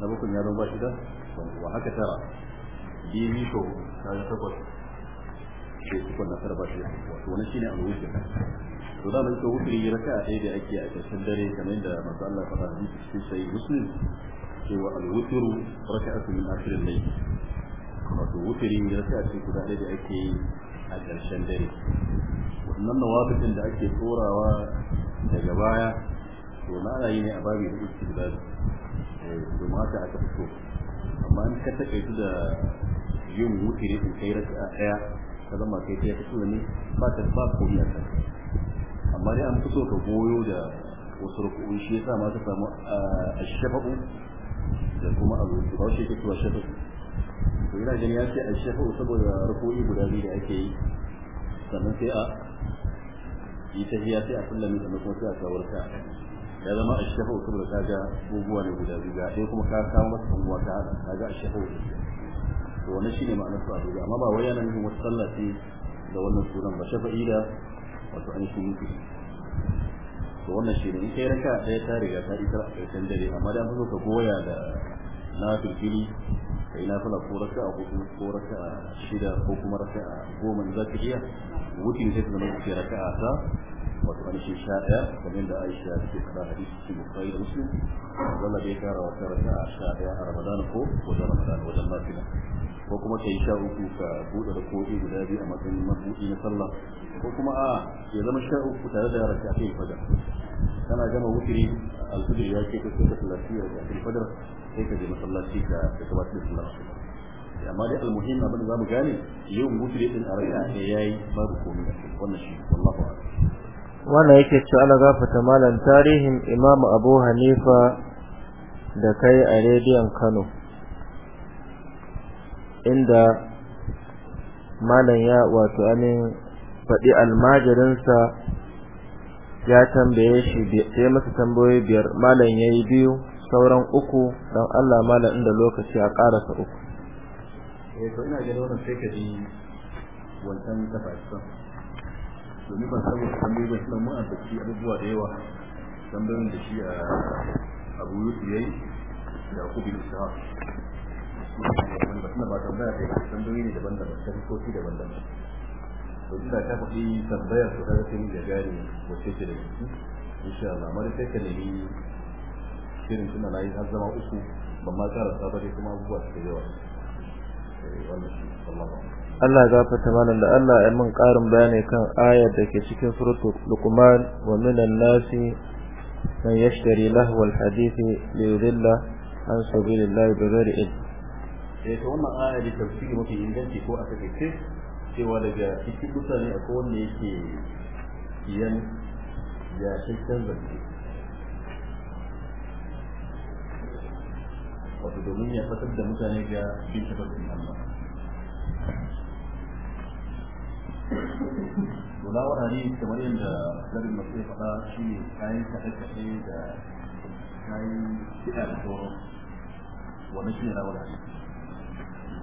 na bakwai ya zama shida wa haka tara bibi so uku kaga takwas sai suka na tarba shi wato wani shine alwuce to da mun so wutri raka'a ɗaya da ake a cikin dare kamar da masu Allah ta faɗi cikin sai muslim cewa alwutru raka'atu min akhir al-layl wato wutri raka'a ce guda ɗaya da ake a ƙarshen dare wannan nawabitin da ake tsorawa daga baya to na ana ne a babi da istidlal domin eh, haka aka fito amma in ka taƙaitu da yin ne in kai rasa ɗaya ka zama kai ta fito ne ba ta ba ko ya ta amma dai an fito ka goyo da wasu ruku'un shi ya sa ma ta samu ashafa'u da kuma abu da ba shi ke cewa shafa'u to ina ganin ya ce ashafa'u saboda ruku'i guda biyu da ake yi sannan sai a yi tahiya sai a kullum da kuma sai a kawarta ya zama a shafa uku da kaga abubuwa ne guda biyu ga ɗaya kuma ka kawo masa unguwa ta hada kaga a shafa uku to wannan shine ma'anar su a duka amma ba wai yana nufin wata da wannan sunan ba shafa'i da wato an shi mutu to wannan shine in kai raka ɗaya ta riga ta isar a ƙarshen dare amma da an ka goya da na firgili kai na fala ko raka a kuma ko raka shida ko kuma raka goma za ka iya ne sai ta zama raka ta wato sha ɗaya kamar da aisha ke kada hadisi cikin bukari da wanda bai kara wata sha ɗaya a ramadan ko wajen ramadan wajen lafiya ko kuma ka yi sha uku ka buɗe da koɗi guda biyu a matsayin mabuɗi na sallah ko kuma a ya zama sha uku tare da raka a fajar kana gama wutiri alfajir ya ke ka sai ka a kafin fajar sai ka je masallaci ka ka gabatar da sallah amma dai almuhim abin da zamu gane yau wutiri din a raka ne yayi babu komai wannan shi wallahi wannan yake ce ala gafata malam tarihin imamu abu hanifa da kai a rediyon kano inda malam ya wato anin faɗi almajirinsa ya tambaye shi sai masa tambayoyi biyar malam ya yi biyu sauran uku don allah malam inda lokaci a ƙarasa uku eh to ina ganin wannan sai ka ji wancan kafa domin ba saboda tambayi ba san mun ambaci abubuwa da yawa tambayoyin da shi a ah, abu yusuf yayi da ku bin sa wannan ba tambaya da tambayoyi ne daban-daban shi daban-daban to inda ka faɗi tambayar su da sai da gari ko ce da shi insha Allah mari sai ka nemi shirin kuma nayi har zama uku ban ma ƙara sabari kuma abubuwa da yawa eh, wannan shi sallallahu alaihi Allah gafarta malam da Allah ya min karin bayani kan ayar da ke cikin suratu Luqman wa minan nasi man yashtari lahwal hadithi li yudilla an sabilillahi bi ghairi ilm eh to wannan aya da tafsiri mafi inganci ko aka kace cewa daga cikin mutane akwai wanda yake yan ya shakkan zance wato domin ya fatar da mutane ga bin tabbacin Allah kula wa hari kamar yadda garin masu ya faɗa shi ne kayan kaɗe-kaɗe da kayan kiɗa da sauran wani shi ne rawar hari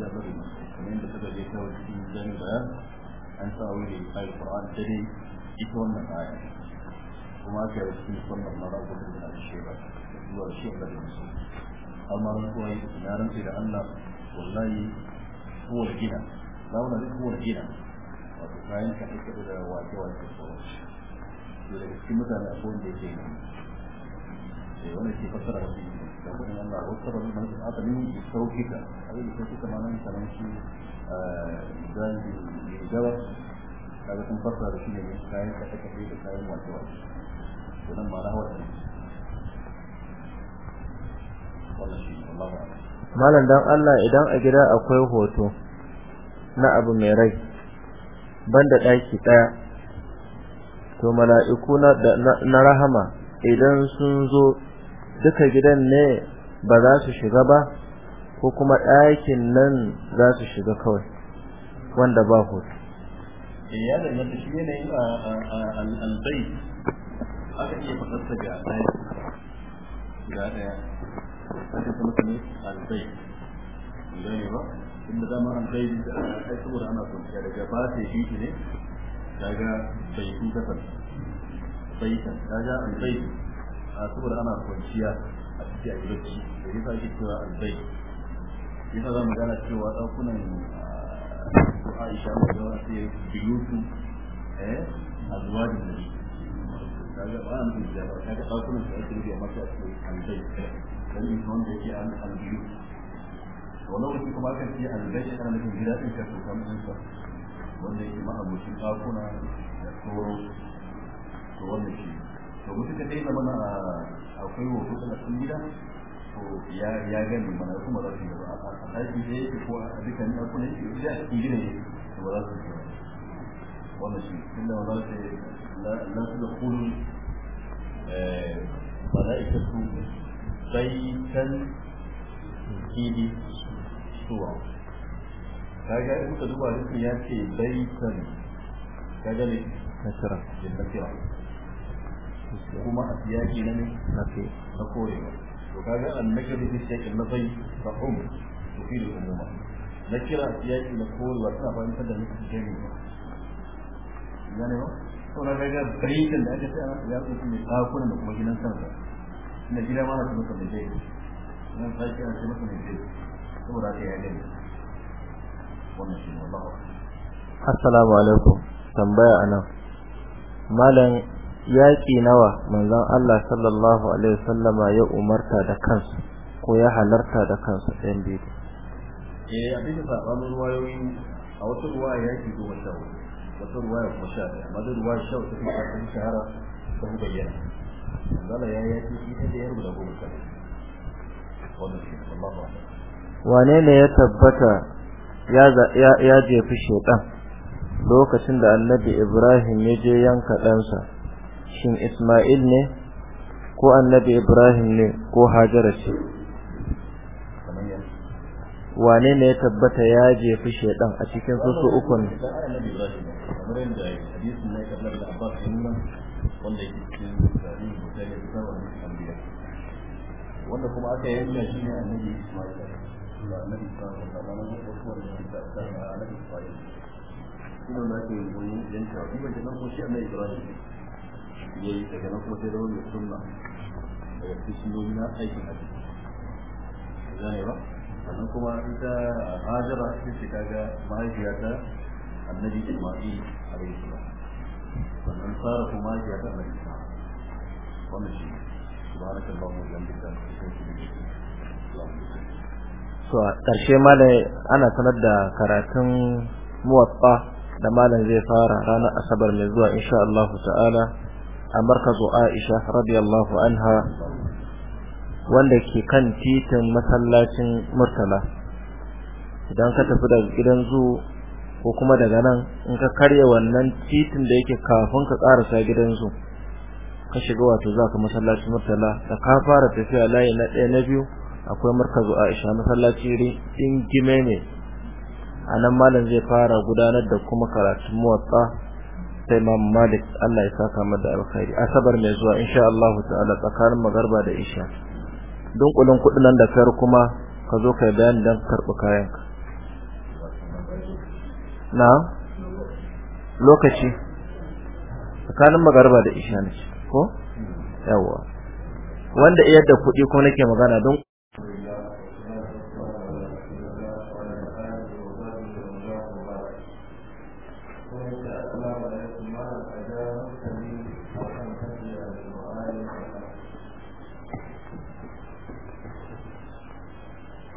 ya bari kamar yadda suka je kawai cikin jami'a bayan an sa wuri kayan ƙura'an dare ita wannan aya kuma aka yi cikin sunan mara gudun da shi sheba zuwa shi da musu amma ran kuwa na rantsi da Allah wallahi kowar gina za kowar gina wato ka da sauransu to cikin mutane a da yake yi eh, sai wani ke wasu da kuma wasu aka nemi sauki ka sauki kamar shi eh, gaba shi ne kayan ka da kayan to nan ma na hawa malam dan Allah idan a gida akwai hoto na abu mai rai banda ɗaki ɗaya, to mala'iku na rahama idan sun zo duka gidan ne ba za su shiga ba ko kuma ɗakin nan za su shiga kawai wanda ba hoto eh, ya da yadda shi yanayin albai aka iya faɗarsa ga ɗaya ga ɗaya aka kuma albai an gane ba inda dama an kai da ai saboda ana kwanciya daga ba ta yi shi ne daga bai kun kasar bai kan daga an bai a saboda ana kwanciya a cikin ayyuki da yasa ake cewa an bai yasa za mu gana cewa ɗakunan Aisha da yawa sai biyutu eh azwajin nabi daga ba an bi da kaga ɗakunan da ake rubuta masa a cikin an bai dan wanda yake an biyutu wannan wasu kuma kan ce albashi ana nufin gida ɗin ka tukan ɗinsa wanda yake ma'abocin ɗakuna da tsoro to wannan shi to mutum ka dai zama akwai hoto tana sun gida to ya ya gani mana kuma za su yi ba a ɗaki da yake ko a dukkan ɗakuna yake gida a cikin gida ne to ba za su yi ba wannan shi tunda ba za su yi la su da kulun eh, mala'ikatu baitan kidi suwa kaga in ka duba rikin ya ce baitan kaga ne nasira da nasira kuma a siyaki na ne na korewa to kaga an nakari da siyakin na bai da umar su fi da umuma na kira siyaki na korewa suna fahimtar da nufin jami ba gane ba to na kaga baitan da aka ce ana siyaki su ne sakuna da kuma gidan kansa na gida ma na su masa da jai nan sake ana su masa da jai assalamu alaikum tambaya anan malam yaƙi nawa manzon Allah sallallahu alaihi wasallama ya umarta da kansa ko ya halarta da kansa ɗan biyu eh abin da sabanin wayoyin a wata ruwa yaki ko wata wata ruwa ya kuma sha amma da ruwa sha wata ta fi shahara ta fi bayyana zala ya yaƙi ita da yaro da goma sha wannan shi Allah ba wane ne ya tabbata ya jefi shaitan lokacin da annabi ibrahim ya je yanka ɗansa shin isma'il ne ko annabi ibrahim ne ko hajara ce wane ne ya tabbata ya jefi shaitan a cikin su uku ne wanda kuma aka yi shi ne annabi isma'il kuma na ke goyi yan tafi ba da nan ko shi annabi ibrahim ya yi daga nan kuma sai zama mai sunna daga cikin na aikin hajji zane ba sannan kuma ita hajara ta ce kaga mahaifiyata annabi isma'il alaihi salam sannan sara kuma mahaifiyata annabi isma'il wannan shi subhanallahi wa bihamdihi wa la ilaha illa anta astaghfiruka wa to a ƙarshe malai ana sanar da karatun muwaffa da malam zai fara ranar asabar mai zuwa insha Allah ta'ala a markazu Aisha radiyallahu anha wanda ke kan titin masallacin Murtala idan ka tafi daga gidan zu ko kuma daga nan in ka karya wannan titin da yake kafin ka karasa gidan zu ka shiga wato zaka masallacin Murtala da ka fara tafiya layi na ɗaya na biyu akwai markazu Aisha masallaci din gime ne anan malam zai fara gudanar da kuma karatun muwatta sai Imam Malik Allah ya saka masa da alkhairi asabar mai zuwa insha Allah ta'ala tsakanin magarba da isha dunkulin kudin nan da kar kuma ka zo kai bayan dan karbi ka. na lokaci tsakanin magarba da isha ne ko yawa wanda iyar da kuɗi ko nake magana don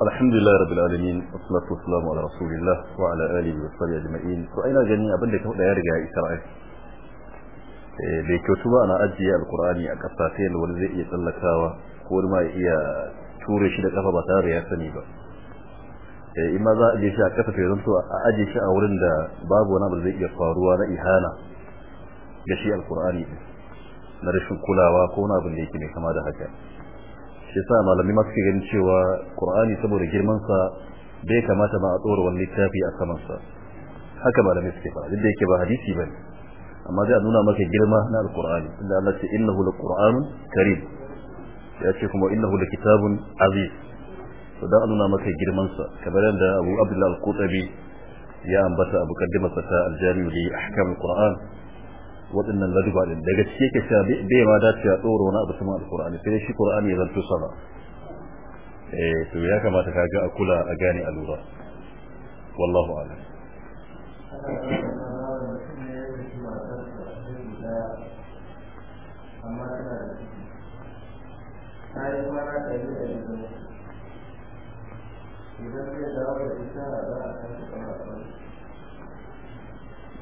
الحمد لله رب العالمين والصلاة والسلام على رسول الله وعلى آله وصحبه أجمعين فأين جني أبن هؤلاء يرجع إسرائيل bai kyautu ba ana ajiye alkur'ani a ƙasa ta yadda wani zai iya tsallakawa ko wani ma iya ture shi da ƙafa ba tare ya sani ba eh, in ma za a ajiye shi a ƙasa ta yanzu a ajiye shi a wurin da babu wani zai iya faruwa na ihana ga alkur'ani na rashin kulawa ko abin da yake mai kama da haka shi sa malami ma suke ganin cewa qur'ani saboda girman sa bai kamata ma a tsora wani littafi a samansa haka malami suke fara duk da yake ba hadisi bane amma zai nuna maka girma na alqur'ani inda Allah ce innahu laqur'anun karim ya ce kuma innahu lakitabun aziz to dan nuna maka girmansa kamar yadda Abu Abdullah al-Qutabi ya ambata abu kaddimarsa ta al-Jami' li ahkam al-Qur'an waɗannan ladduba din daga cikin yake cewa bai ma dace ya tsoro wani abu sama alqur'ani sai shi qur'ani ya zanto sama eh to ya kamata ka ga akula a gane alura wallahu a'lam idan zai dawo da ita za a kan su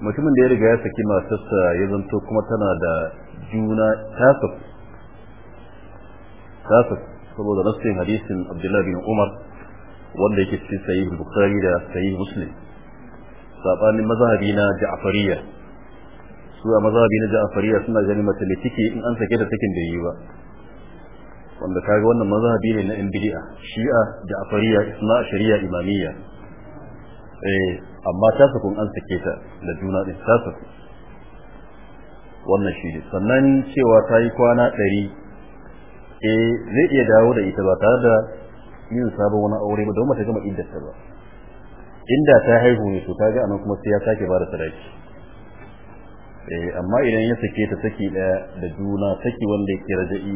mutumin da ya riga ya saki matarsa ya zanto kuma tana da juna tasaf tasaf saboda nasin hadisin abdullahi bin Umar wanda yake cikin sahih Bukhari da sahih Muslim sabanin mazhabi na ja'fariya su a mazhabi na ja'fariya suna ganin mace ne take in an sake da sakin da yi ba wanda kaga wannan mazhabi ne na Ibdi'a Shi'a isma'a shari'a Imamiyya eh amma ta kun an sake ta da juna din ta saku wannan shi ne sannan cewa ta yi kwana ɗari E, zai iya dawo da ita ba tare da yin sabon wani aure ba don ba ta gama ta ba inda ta haihu ne to ta ga anan kuma sai ya sake ba da sadaki eh amma idan ya sake ta saki ɗaya da juna saki wanda yake raja'i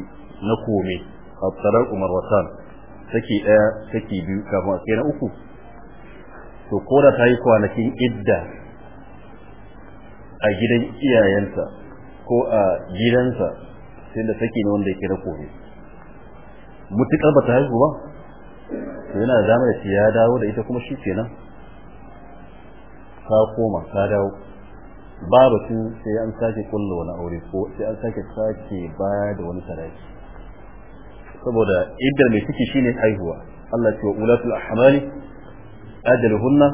na kome a tsarar umar wasan saki ɗaya saki biyu kafin a na uku to ko da ta yi kwanakin idda a gidan iyayenta ko a gidansa sai da take ne wanda yake rako ne mutukar ba ta haihu ba to yana da damar ya dawo da ita kuma shi kenan ka koma ka dawo babu tun sai an sake kullo wani aure ko sai an sake sake baya da wani sadaki saboda iddar mai ciki shine haihuwa Allah ce wa ulatul ahmani ajaluhunna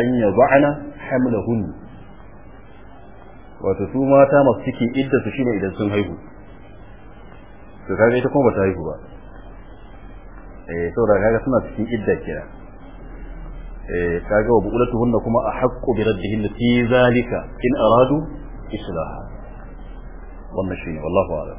an yad'ana hamlahunna wato su mata masu ciki idda su shine idan sun haihu to kaga ita kuma bata haihu ba eh to da kaga suna cikin idda kira eh kaga wa bu'ulatuhunna kuma ahaqqu bi raddihin fi zalika in aradu islaha wannan shine wallahu a'lam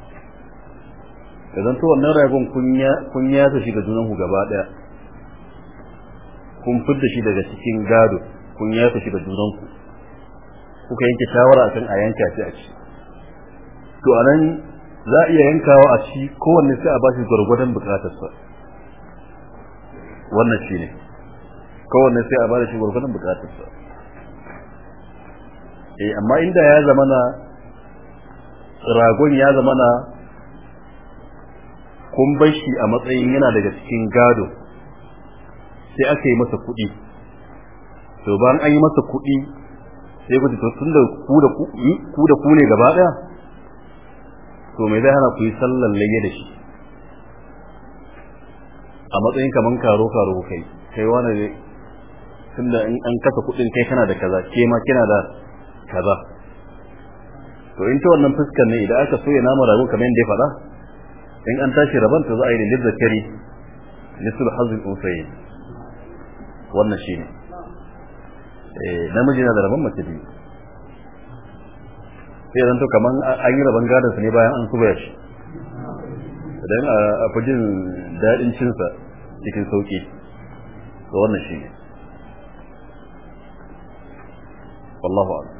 da to wannan ragon kun ta shi ga junanku gaba daya kun fitta shi daga cikin gado kun yasa shi ga junanku kuka yanke shawara akan a yanka shi a ci to anan za a iya yankawa a ci kowanne sai a ba shi gwargwadon sa wannan shi ne kowanne sai a ba shi gwargwadon sa eh amma inda ya zamana ragon ya zamana kun bar shi a matsayin yana daga cikin gado sai aka yi masa kuɗi to bayan an yi masa kuɗi sai ku to tun da ku da ku hmm, da ku ne gaba daya to me zai hana ku yi sallan laye da shi a matsayin kaman karo karo kai kai wani ne da in an kasa kuɗin kai kana da kaza ke ma kina da kaza to in ta wannan fuskar ne idan aka so ya nama rago kamar yadda ya faɗa in an tashi rabon ta za a yi lil zakari nisul hazin unsayin wannan ne eh, namiji na da rabon mace biyu sai to kaman an yi rabon gadonsa ne bayan an kuba shi idan a fujin daɗin cinsa cikin sauƙi to wannan shi ne wallahu a'lam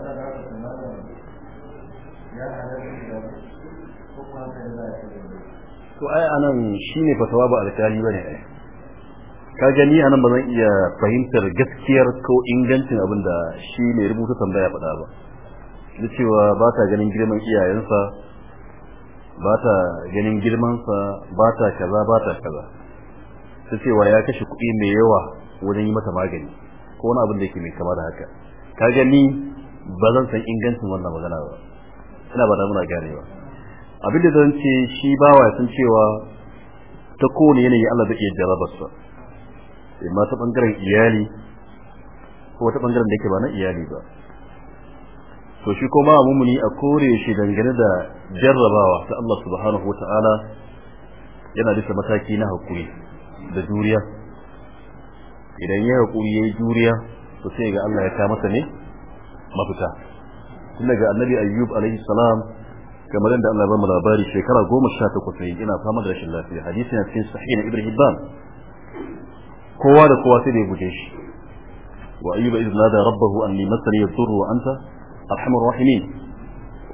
ana da da ya da to ai anan shine fatawa ba alkali bane ai ka gani anan ba zan iya fahimtar gaskiyar ko ingancin abin da shi mai rubuta tambaya faɗa ba na cewa ba ta ganin girman iyayensa ba ta ganin girmansa ba ta kaza ba ta kaza ta cewa ya kashe kuɗi mai yawa wurin yi mata magani ko wani abin da yake mai kama da haka ka gani ba zan san ingancin wannan magana ba ina ba da muna ganewa abin da zan ce shi ba wa sun cewa ta kowane yanayi Allah zai iya jarabarsa imma ta bangaren iyali ko ta bangaren da yake ba na iyali ba to shi kuma mumuni a kore shi dangane da jarrabawa ta Allah subhanahu wataala yana da mataki na hakuri da juriya idan ya hakuri yayi juriya to sai ga Allah ya ta masa ne mafita tun daga annabi ayyub alaihi salam kamar yadda Allah ya bamu labari shekara goma sha takwas ne ina fama da rashin lafiya hadisi na cikin sahih na ibrahim ban kowa da kowa sai da ya guje shi wa ayyuba idh nada rabbahu anni masani yadurru wa anta arhamur rahimin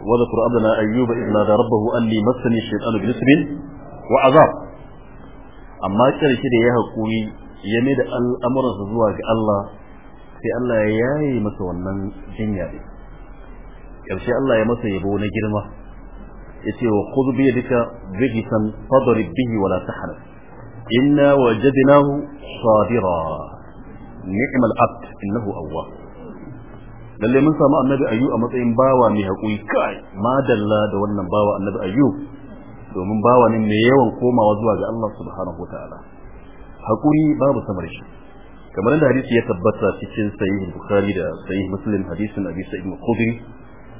wa dhkur abdana ayyuba idh nada rabbahu anni masani shaytanu binisbin wa azab amma karshe da ya haƙuri ya mai da al'amuransa zuwa ga Allah sai Allah ya yaye masa wannan jinya din Allah ya masa yabo na girma ce wa khudh bi yadika bihisan fadrib bihi wala tahrab inna wajadnahu sabira ni'mal abd innahu awwab lallai mun samu annabi ayyu a matsayin bawa mai hakuri kai madalla da wannan bawa annabi ayyu domin bawa ne mai yawan komawa zuwa ga Allah subhanahu wataala hakuri babu samar shi kamar da hadisi ya tabbata cikin sahih bukhari da sahih muslim hadisin abi sa'id al-khudri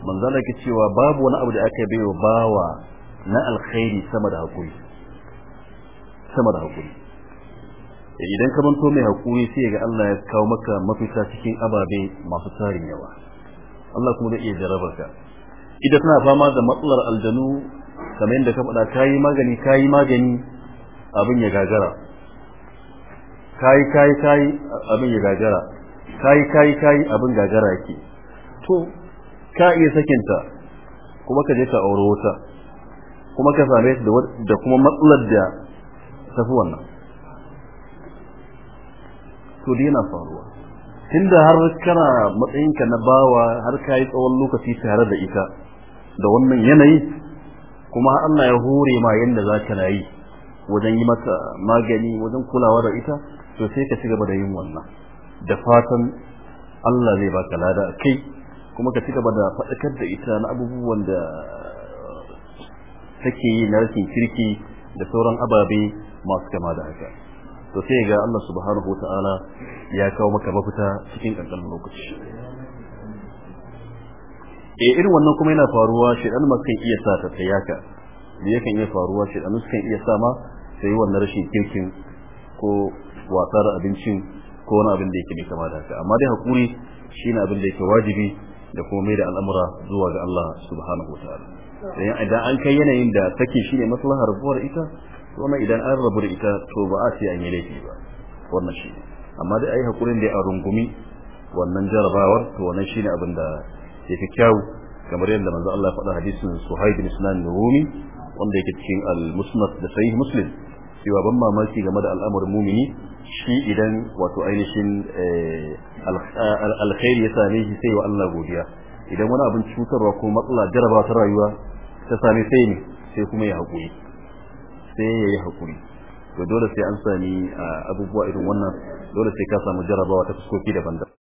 manzo da cewa babu wani abu da aka baiwa bawa na alkhairi sama da hakuri sama da hakuri eh, idan ka manto mai hakuri sai ga Allah ya kawo maka mafita cikin ababe masu tarin yawa Allah kuma zai iya jarabar ka idan tana fama da matsalar aljanu kamar yadda ka faɗa kayi magani kayi magani abin ya gagara kayi kayi kayi abin ya gajara kayi kayi kayi abin gajara yake to ka iya sakinta kuma ka je ka aure wuta kuma ka same ta da kuma matsalar da tafi wannan to da yana faruwa tunda har kana matsayinka na bawa har kayi tsawon lokaci tare da ita da wannan yanayi kuma Allah ya hore ma yadda za ka na yi wajen yi mata magani wajen kulawa da ita to sai ka ci gaba da yin wannan da fatan Allah zai baka lada kai kuma ka ci gaba da faɗakar da ita na abubuwan da take yi na rashin kirki da sauran ababe masu kama da haka to sai ga Allah subhanahu wataala ya kawo maka mafita cikin ƙanƙanin lokaci eh irin wannan kuma yana faruwa shedan ma kan iya sa ta tsayaka me yakan iya faruwa shedan su kan iya sa ma sai wannan rashin kirkin ko wasar abincin ko wani abin da yake mai kama da haka amma dai hakuri shine abin da yake wajibi da kuma mai da al'amura zuwa ga Allah subhanahu wa ta'ala idan an kai yanayin da take shine maslahar rabuwar ita to idan an rabu da ita to ba a sai an yi laifi ba wannan shi amma dai ai hakurin da a rungumi wannan jarabawar to wannan shine abin da yafi kyau kamar yadda manzo Allah ya faɗa hadisin Suhaib bin Sinan Rumi wanda yake cikin al-Musnad da Sahih Muslim cewa ban mamaki game da al'amarin mumini shi idan wato ainihin eh, alkhairi ya same shi sai wa Allah godiya idan wani abin cutarwa ko matsala jaraba ta rayuwa ta same sai ne sai kuma ya haƙuri sai ya yi haƙuri to dole sai an sami ah, abubuwa irin wannan dole sai ka samu jarabawa ta fuskoki daban-daban